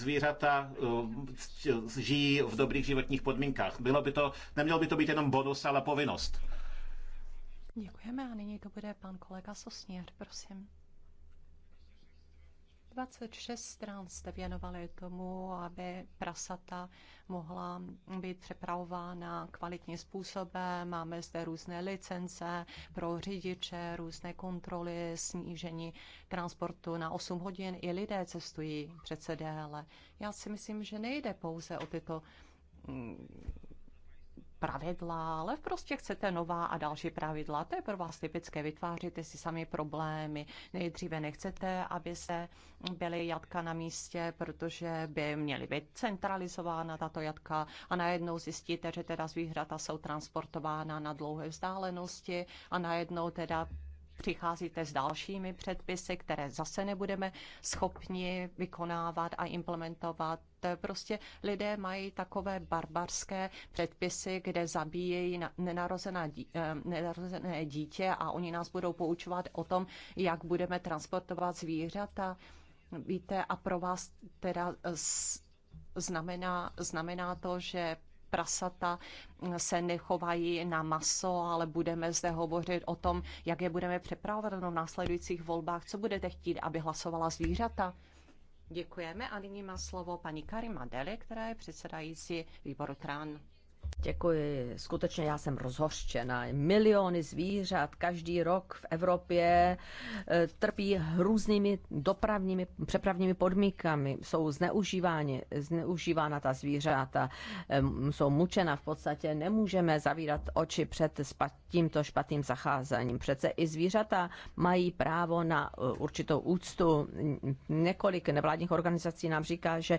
zvířata eh, žijí v dobrých životních podmínkách. Bylo by to, nemělo by to být jenom bonus, ale povinnost. Děkujeme a nyní to bude pan kolega Sosněr, prosím. 26 stran jste věnovali tomu, aby prasata mohla být přepravována kvalitním způsobem. Máme zde různé licence pro řidiče, různé kontroly, snížení transportu na 8 hodin. I lidé cestují přece déle. Já si myslím, že nejde pouze o tyto pravidla, ale prostě chcete nová a další pravidla. To je pro vás typické, vytváříte si sami problémy. Nejdříve nechcete, aby se byly jatka na místě, protože by měly být centralizována tato jatka a najednou zjistíte, že teda zvířata jsou transportována na dlouhé vzdálenosti a najednou teda přicházíte s dalšími předpisy, které zase nebudeme schopni vykonávat a implementovat. Prostě lidé mají takové barbarské předpisy, kde zabíjejí nenarozené, dí, eh, nenarozené dítě a oni nás budou poučovat o tom, jak budeme transportovat zvířata. Víte, a pro vás teda znamená, znamená to, že prasata se nechovají na maso, ale budeme zde hovořit o tom, jak je budeme přepravovat v následujících volbách. Co budete chtít, aby hlasovala zvířata? Děkujeme a nyní má slovo paní Karima Deli, která je předsedající výboru TRAN. Děkuji. Skutečně já jsem rozhořčena. Miliony zvířat každý rok v Evropě eh, trpí hrůznými dopravními, přepravními podmínkami. Jsou zneužívány, zneužívána ta zvířata, eh, jsou mučena v podstatě. Nemůžeme zavírat oči před tímto špatným zacházením. Přece i zvířata mají právo na eh, určitou úctu. Několik nevládních organizací nám říká, že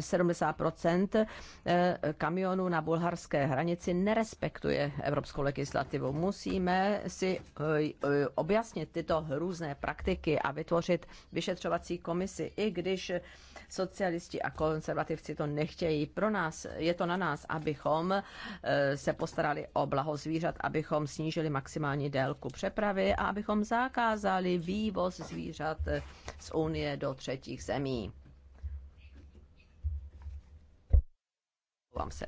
70% kamionů na bulharské hranici nerespektuje evropskou legislativu. Musíme si eh, eh, objasnit tyto různé praktiky a vytvořit vyšetřovací komisy, i když socialisti a konzervativci to nechtějí. Pro nás je to na nás, abychom eh, se postarali o blaho zvířat, abychom snížili maximální délku přepravy a abychom zakázali vývoz zvířat z Unie do třetích zemí. Vám se.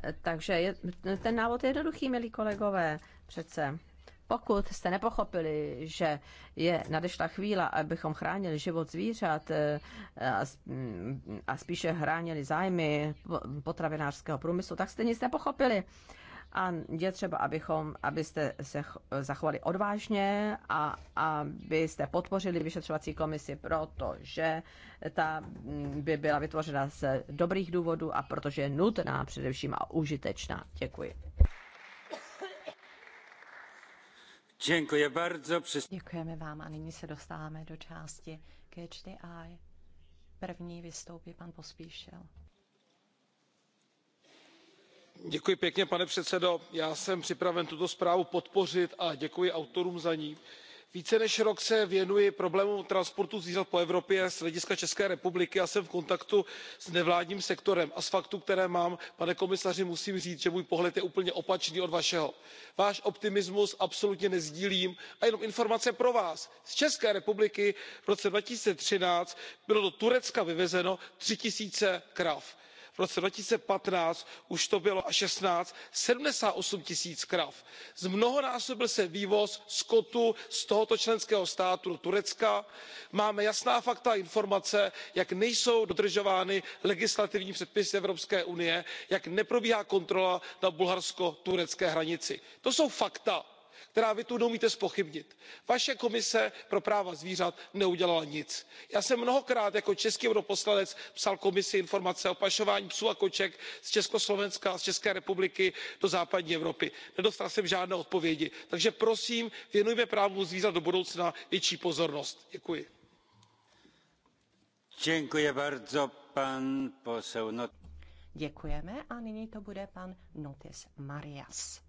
Eh, takže je, ten návod je jednoduchý, milí kolegové, přece. Pokud jste nepochopili, že je nadešla chvíla, abychom chránili život zvířat eh, mm, a spíše chránili zájmy potravinářského průmyslu, tak jste nic nepochopili. A je třeba, abychom, abyste se zachovali odvážně a abyste podpořili vyšetřovací komisi, protože ta mm, by byla vytvořena z dobrých důvodů a protože je nutná především a užitečná. Děkuji. Děkuji bardzo. Děkujeme vám a nyní se dostáváme do části Catch the Eye. První vystoupí pan Pospíšil pane předsedající já jsem připraven tuto zprávu podpořit a děkuji autorům za ni. více než rok se věnuji problému transportu zvířat po evropě z hlediska české republiky a jsem v kontaktu s nevládním sektorem a z faktů které mám pane komisaři musím říct že můj pohled je úplně opačný od vašeho. váš optimismus absolutně nesdílím a jenom informace pro vás z české republiky v roce two thousand and thirteen bylo do turecka vyvezeno tři tisíce krav roce two thousand and fifteen už to bylo a sixteen seventy eight tisíc krav. zmnohonásobil se vývoz skotu z tohoto členského státu do turecka máme jasná fakta a informace jak nejsou dodržovány legislativní předpisy evropské unie jak neprobíhá kontrola na bulharsko turecké hranici. to jsou fakta která vy zde neumíte zpochybnit. vaše komise pro práva zvířat neudělala nic. já jsem mnohokrát jako český poslanec psal komisi informace o pašování psů a koček z československa z české republiky do západní evropy. nedostal jsem žádné odpovědi. takže prosím věnujme právům zvířat do budoucna větší pozornost. děkuji. Děkujeme a nyní to bude pan Marias.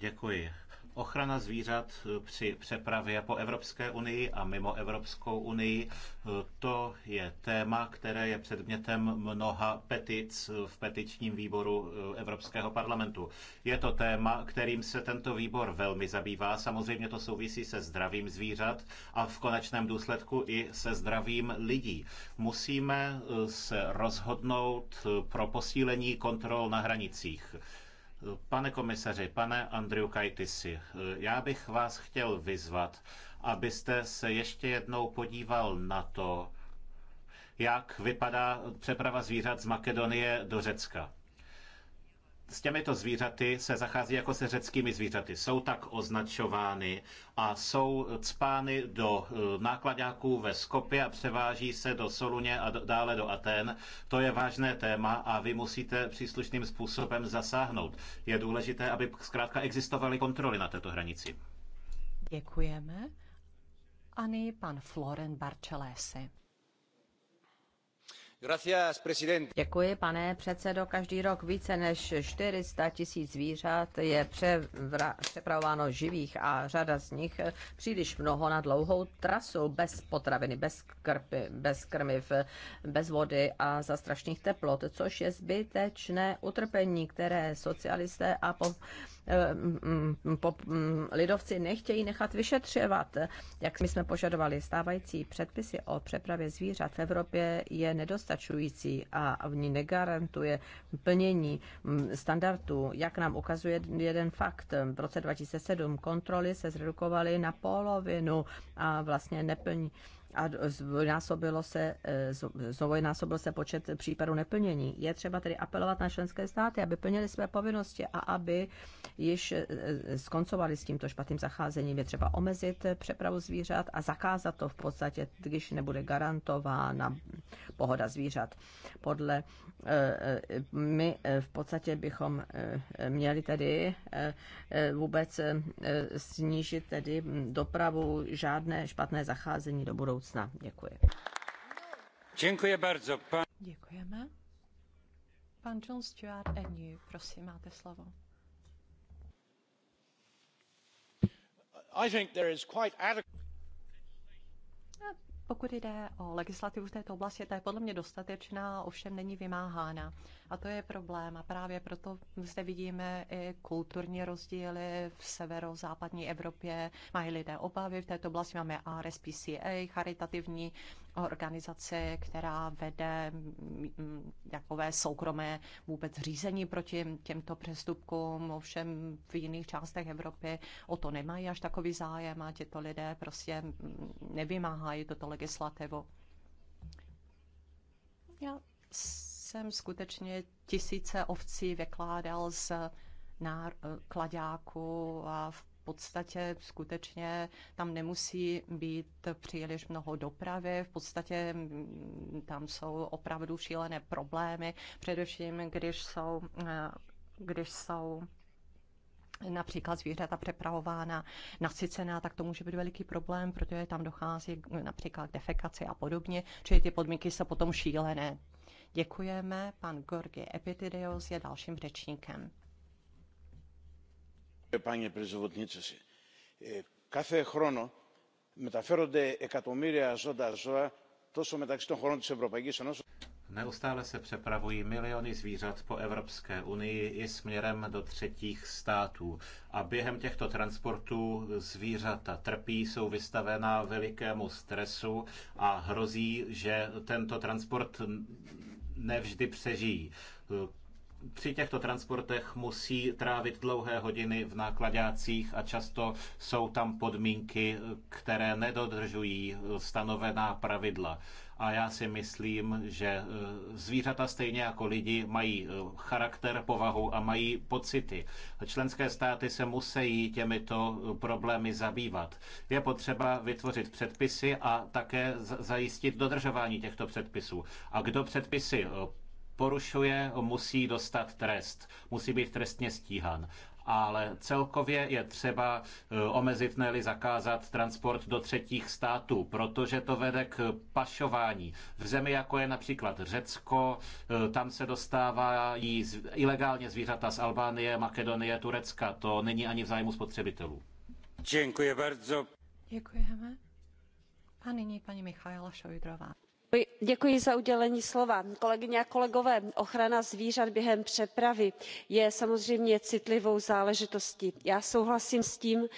Děkuji. Ochrana zvířat eh, při přepravě po Evropské unii a mimo Evropskou unii, eh, to je téma, které je předmětem mnoha petic eh, v petičním výboru Evropského parlamentu. Je to téma, kterým se tento výbor velmi zabývá. Samozřejmě to souvisí se zdravím zvířat a v konečném důsledku i se zdravím lidí. Musíme se rozhodnout pro posílení kontrol na hranicích Pane komisaři, pane Andriu Kajtisi, já bych vás chtěl vyzvat, abyste se ještě jednou podíval na to, jak vypadá přeprava zvířat z Makedonie do Řecka s těmito zvířaty se zachází jako se řeckými zvířaty. Jsou tak označovány a jsou cpány do eh, nákladňáků ve Skopě a převáží se do Soluně a dále do Aten. To je vážné téma a vy musíte příslušným způsobem zasáhnout. Je důležité, aby zkrátka existovaly kontroly na této hranici. Děkujeme. Ani pan Floren Barčelesi. Děkuji, pane předsedo. Každý rok více než 400 tisíc zvířat je přepravováno živých a řada z nich příliš mnoho na dlouhou trasu bez potraviny, bez, krpy, bez krmiv, bez vody a za strašných teplot, což je zbytečné utrpení, které socialisté a po, Eh, lidovci nechtějí nechat vyšetřovat. Jak my jsme požadovali, stávající předpisy o přepravě zvířat v Evropě je nedostačující a v ní negarantuje plnění standardů. Jak nám ukazuje jeden fakt, v roce 2007 kontroly se zredukovaly na polovinu a vlastně neplní a zvojnásobilo se, e, zvojnásobilo se počet případů neplnění. Je třeba tedy apelovat na členské státy, aby plnili své povinnosti a aby již e, e, skoncovali s tímto špatným zacházením. Je třeba omezit přepravu zvířat a zakázat to v podstatě, když nebude garantována pohoda zvířat. Podle my v podstatě bychom měli tedy vůbec snížit tedy dopravu žádné špatné zacházení do budoucna budoucna. Děkuji. Děkuji bardzo. Pan... Děkujeme. Pan John Stuart Agnew, prosím, máte slovo. I think there is quite adequate... No, pokud jde o legislativu v této oblasti, ta je podle mě dostatečná, ovšem není vymáhána. A to je problém. A právě proto zde vidíme i kulturní rozdíly v severozápadní Evropě. Mají lidé obavy v této oblasti. Máme RSPCA, charitativní organizaci, která vede mm, takové soukromé vůbec řízení proti těmto přestupkům, ovšem v jiných částech Evropy o to nemají až takový zájem a těto lidé prostě mm, nevymáhají toto legislativu. Já jsem skutečně tisíce ovcí vykládal z nákladáku a v podstatě skutečně tam nemusí být příliš mnoho dopravy, v podstatě mm, tam jsou opravdu šílené problémy, především když jsou, eh, když jsou například zvířata přepravována, nasycená, tak to může být veliký problém, protože tam dochází například k defekaci a podobně, čili ty podmínky jsou potom šílené. Děkujeme, pan Gorgi Epitidios je dalším řečníkem paní předsedající každý rok Neustále se přepravují miliony zvířat po Evropské unii i směrem do třetích států. A během těchto transportů zvířata trpí, jsou vystavená velikému stresu a hrozí, že tento transport nevždy přežijí při těchto transportech musí trávit dlouhé hodiny v nákladácích a často jsou tam podmínky, které nedodržují stanovená pravidla. A já si myslím, že e, zvířata stejně jako lidi mají e, charakter, povahu a mají pocity. Členské státy se musí těmito e, problémy zabývat. Je potřeba vytvořit předpisy a také zajistit dodržování těchto předpisů. A kdo předpisy porušuje, musí dostat trest. Musí být trestně stíhan ale celkově je třeba eh, omezit, ne zakázat transport do třetích států, protože to vede k pašování. V zemi, jako je například Řecko, eh, tam se dostávají ilegálně zvířata z Albánie, Makedonie, Turecka. To není ani v zájmu spotřebitelů. Děkuji bardzo. Děkujeme. A nyní paní Michaela Šojdrová paní předsedající ochrana zvířat během přepravy je samozřejmě citlivou záležitostí. já souhlasím s tím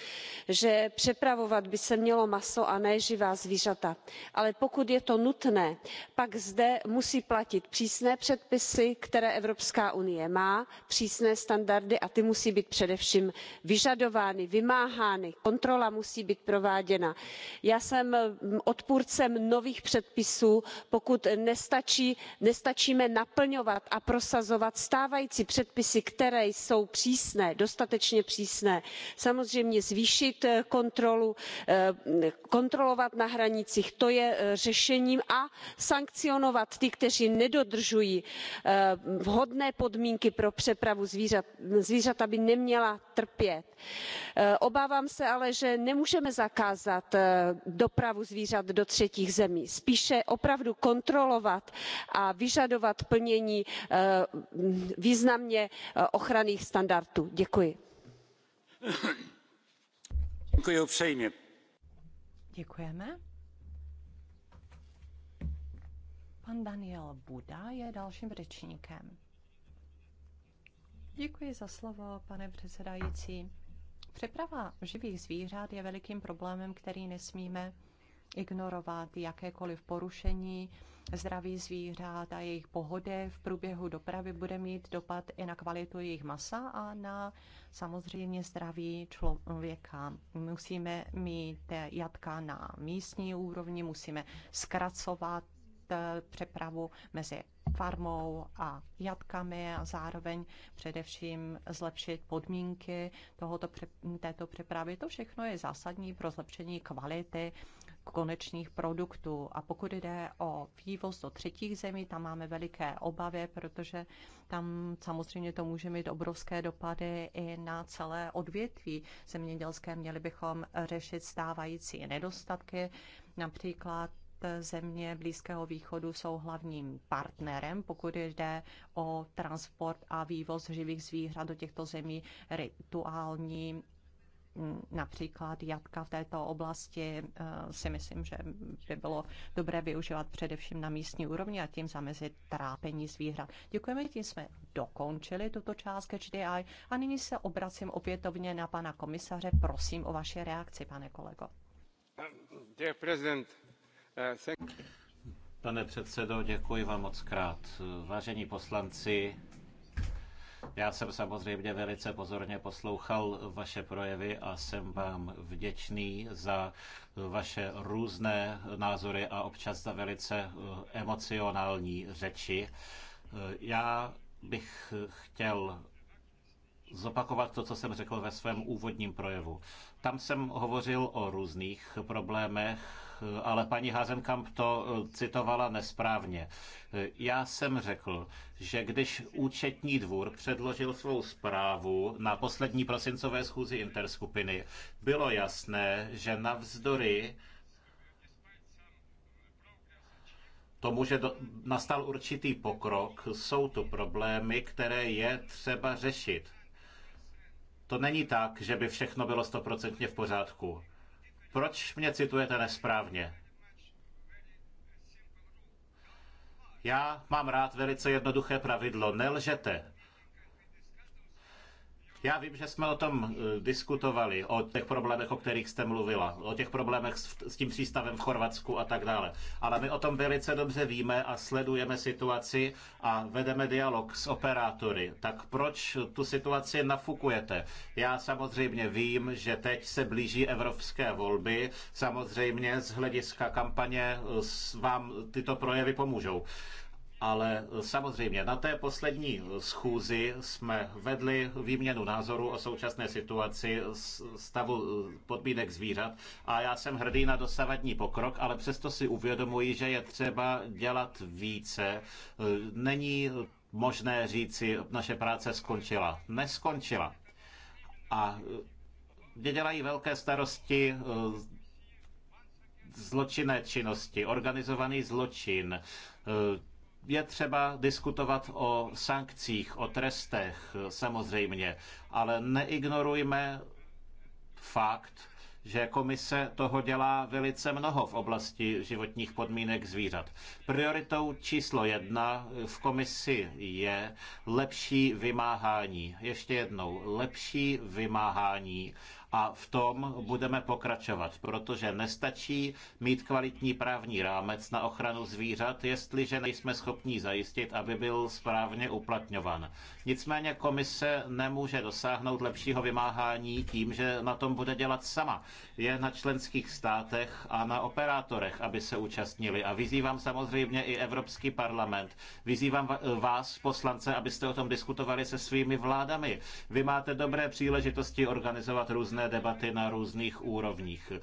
že přepravovat by se mělo maso a ne živá zvířata. ale pokud je to nutné pak zde musí platit přísné předpisy které evropská unie má přísné standardy a ty musí být především vyžadovány vymáhány kontrola musí být prováděna. já jsem odpůrcem nových předpisů pokud nestačíme naplňovat a prosazovat stávající předpisy které jsou přísné dostatečně přísné samozřejmě zvýšit eh, kontrolu eh, kontrolovat na hranicích to je eh, řešením a sankcionovat ty kteří nedodržují vhodné podmínky pro přepravu zvířat zvířat aby neměla trpět. obávám se ale že nemůžeme zakázat dopravu zvířat do třetích zemí spíše opravdu kontrolovat a vyžadovat plnění eh, významně eh, ochranných standardů. děkuji. Děkujeme. Pan Daniel Buda je dalším řečníkem. Děkuji za slovo, pane předsedající. Přeprava živých zvířat je velikým problémem, který nesmíme ignorovat jakékoliv porušení zdraví zvířat a jejich pohody v průběhu dopravy bude mít dopad i na kvalitu jejich masa a na samozřejmě zdraví člověka. Musíme mít jatka na místní úrovni, musíme zkracovat eh, přepravu mezi farmou a jatkami a zároveň především zlepšit podmínky tohoto, této přepravy. To všechno je zásadní pro zlepšení kvality konečných produktů. A pokud jde o vývoz do třetích zemí, tam máme veliké obavy, protože tam samozřejmě to může mít obrovské dopady i na celé odvětví zemědělské. Měli bychom řešit stávající nedostatky, například země Blízkého východu jsou hlavním partnerem, pokud jde o transport a vývoz živých zvířat do těchto zemí, rituální například jatka v této oblasti eh, si myslím, že by bylo dobré využívat především na místní úrovni a tím zamezit trápení zvířat. Děkujeme, tím jsme dokončili tuto část HDI a nyní se obracím opětovně na pana komisaře. Prosím o vaše reakci, pane kolego. Eh, pane předsedo, děkuji vám moc krát. Vážení poslanci, já jsem samozřejmě velice pozorně poslouchal vaše projevy a jsem vám vděčný za vaše různé názory a občas za velice eh, emocionální řeči. Eh, já bych chtěl zopakovat to, co jsem řekl ve svém úvodním projevu. Tam jsem hovořil o různých problémech, ale paní Hazenkamp to eh, citovala nesprávně. Já jsem řekl, že když účetní dvůr předložil svou zprávu na poslední prosincové schůzi interskupiny, bylo jasné, že navzdory tomu, že do, nastal určitý pokrok, jsou tu problémy, které je třeba řešit. To není tak, že by všechno bylo stoprocentně v pořádku. Proč mě citujete nesprávně? Já mám rád velice jednoduché pravidlo. Nelžete. Já vím, že jsme o tom eh, diskutovali, o těch problémech, o kterých jste mluvila, o těch problémech s, s tím přístavem v Chorvatsku a tak dále. Ale my o tom velice dobře víme a sledujeme situaci a vedeme dialog s operátory. Tak proč tu situaci nafukujete? Já samozřejmě vím, že teď se blíží evropské volby. Samozřejmě z hlediska kampaně eh, vám tyto projevy pomůžou. Ale samozřejmě na té poslední schůzi jsme vedli výměnu názoru o současné situaci stavu podmínek zvířat a já jsem hrdý na dosavadní pokrok, ale přesto si uvědomuji, že je třeba dělat více. Není možné říci, naše práce skončila. Neskončila. A mě dělají velké starosti eh, zločinné činnosti, organizovaný zločin, eh, je třeba diskutovat o sankcích, o trestech samozřejmě, ale neignorujme fakt, že komise toho dělá velice mnoho v oblasti životních podmínek zvířat. Prioritou číslo jedna v komisi je lepší vymáhání. Ještě jednou, lepší vymáhání a v tom budeme pokračovat, protože nestačí mít kvalitní právní rámec na ochranu zvířat, jestliže nejsme schopni zajistit, aby byl správně uplatňovan. Nicméně komise nemůže dosáhnout lepšího vymáhání tím, že na tom bude dělat sama. Je na členských státech a na operátorech, aby se účastnili. A vyzývám samozřejmě i Evropský parlament. Vyzývám vás, poslance, abyste o tom diskutovali se svými vládami. Vy máte dobré příležitosti organizovat různé různé debaty na různých úrovních.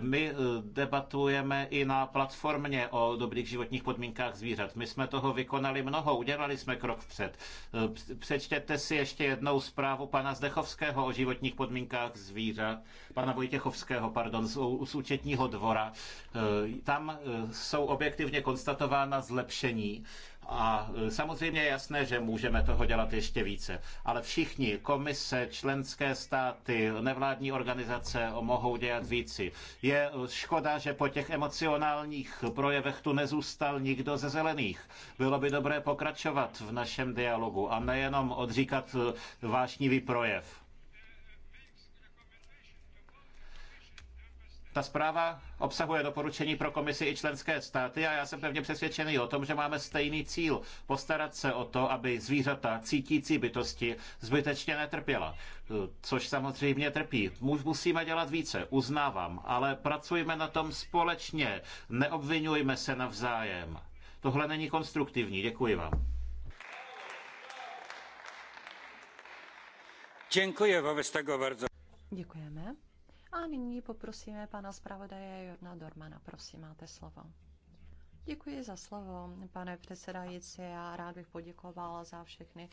My eh, debatujeme i na platformě o dobrých životních podmínkách zvířat. My jsme toho vykonali mnoho, udělali jsme krok vpřed. Eh, přečtěte si ještě jednou zprávu pana Zdechovského o životních podmínkách zvířat, pana Vojtěchovského, pardon, z, z účetního dvora. Eh, tam jsou objektivně konstatována zlepšení a e, samozřejmě je jasné, že můžeme toho dělat ještě více. Ale všichni, komise, členské státy, nevládní organizace mohou dělat více. Je e, škoda, že po těch emocionálních projevech tu nezůstal nikdo ze zelených. Bylo by dobré pokračovat v našem dialogu a nejenom odříkat e, vášnivý projev. Ta zpráva obsahuje doporučení pro komisi i členské státy a já jsem pevně přesvědčený o tom, že máme stejný cíl. Postarat se o to, aby zvířata, cítící bytosti zbytečně netrpěla. Což samozřejmě trpí. Musíme dělat více, uznávám, ale pracujme na tom společně. Neobvinujme se navzájem. Tohle není konstruktivní. Děkuji vám. Děkuji wobec tego bardzo. Děkujeme. A nyní poprosíme pana zpravodaje Jorna Dormana. Prosím, máte slovo. Děkuji za slovo, pane předsedající. Já rád bych poděkoval za všechny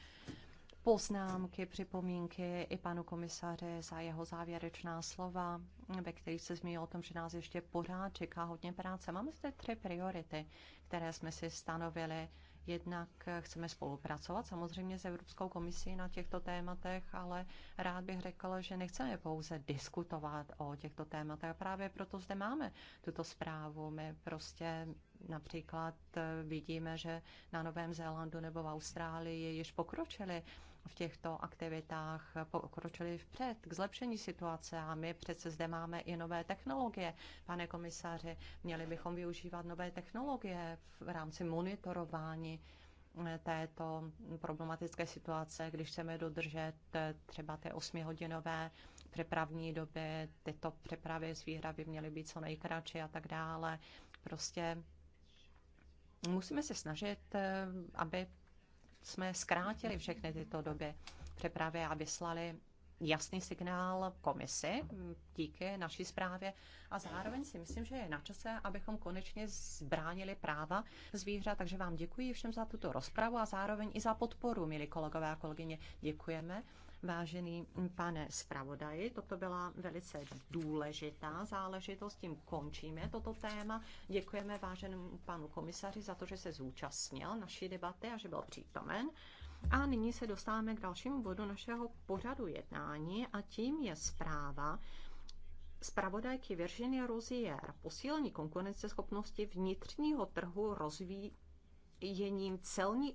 poznámky, připomínky i panu komisaři za jeho závěrečná slova, ve kterých se zmínil o tom, že nás ještě pořád čeká hodně práce. Máme zde tři priority, které jsme si stanovili Jednak chceme spolupracovat samozřejmě s Evropskou komisí na těchto tématech, ale rád bych řekl, že nechceme pouze diskutovat o těchto tématech. Právě proto zde máme tuto zprávu. My prostě například vidíme, že na Novém Zélandu nebo v Austrálii již pokročili v těchto aktivitách pokročili vpřed k zlepšení situace a my přece zde máme i nové technologie. Pane komisaři, měli bychom využívat nové technologie v rámci monitorování eh, této problematické situace, když chceme dodržet eh, třeba ty osmihodinové přepravní doby, tyto přepravy zvířat by měly být co nejkratší a tak dále. Prostě musíme se snažit, eh, aby jsme zkrátili všechny tyto doby přepravy a vyslali jasný signál komisi díky naší zprávě a zároveň si myslím, že je na čase, abychom konečně zbránili práva zvířat, takže vám děkuji všem za tuto rozpravu a zároveň i za podporu, milí kolegové a kolegyně. Děkujeme Vážený pane zpravodaji, toto byla velice důležitá záležitost, tím končíme toto téma. Děkujeme váženému panu komisaři za to, že se zúčastnil naší debaty a že byl přítomen. A nyní se dostáváme k dalšímu bodu našeho pořadu jednání a tím je zpráva zpravodajky Virginie Rozier posílení konkurenceschopnosti vnitřního trhu rozvíjením celní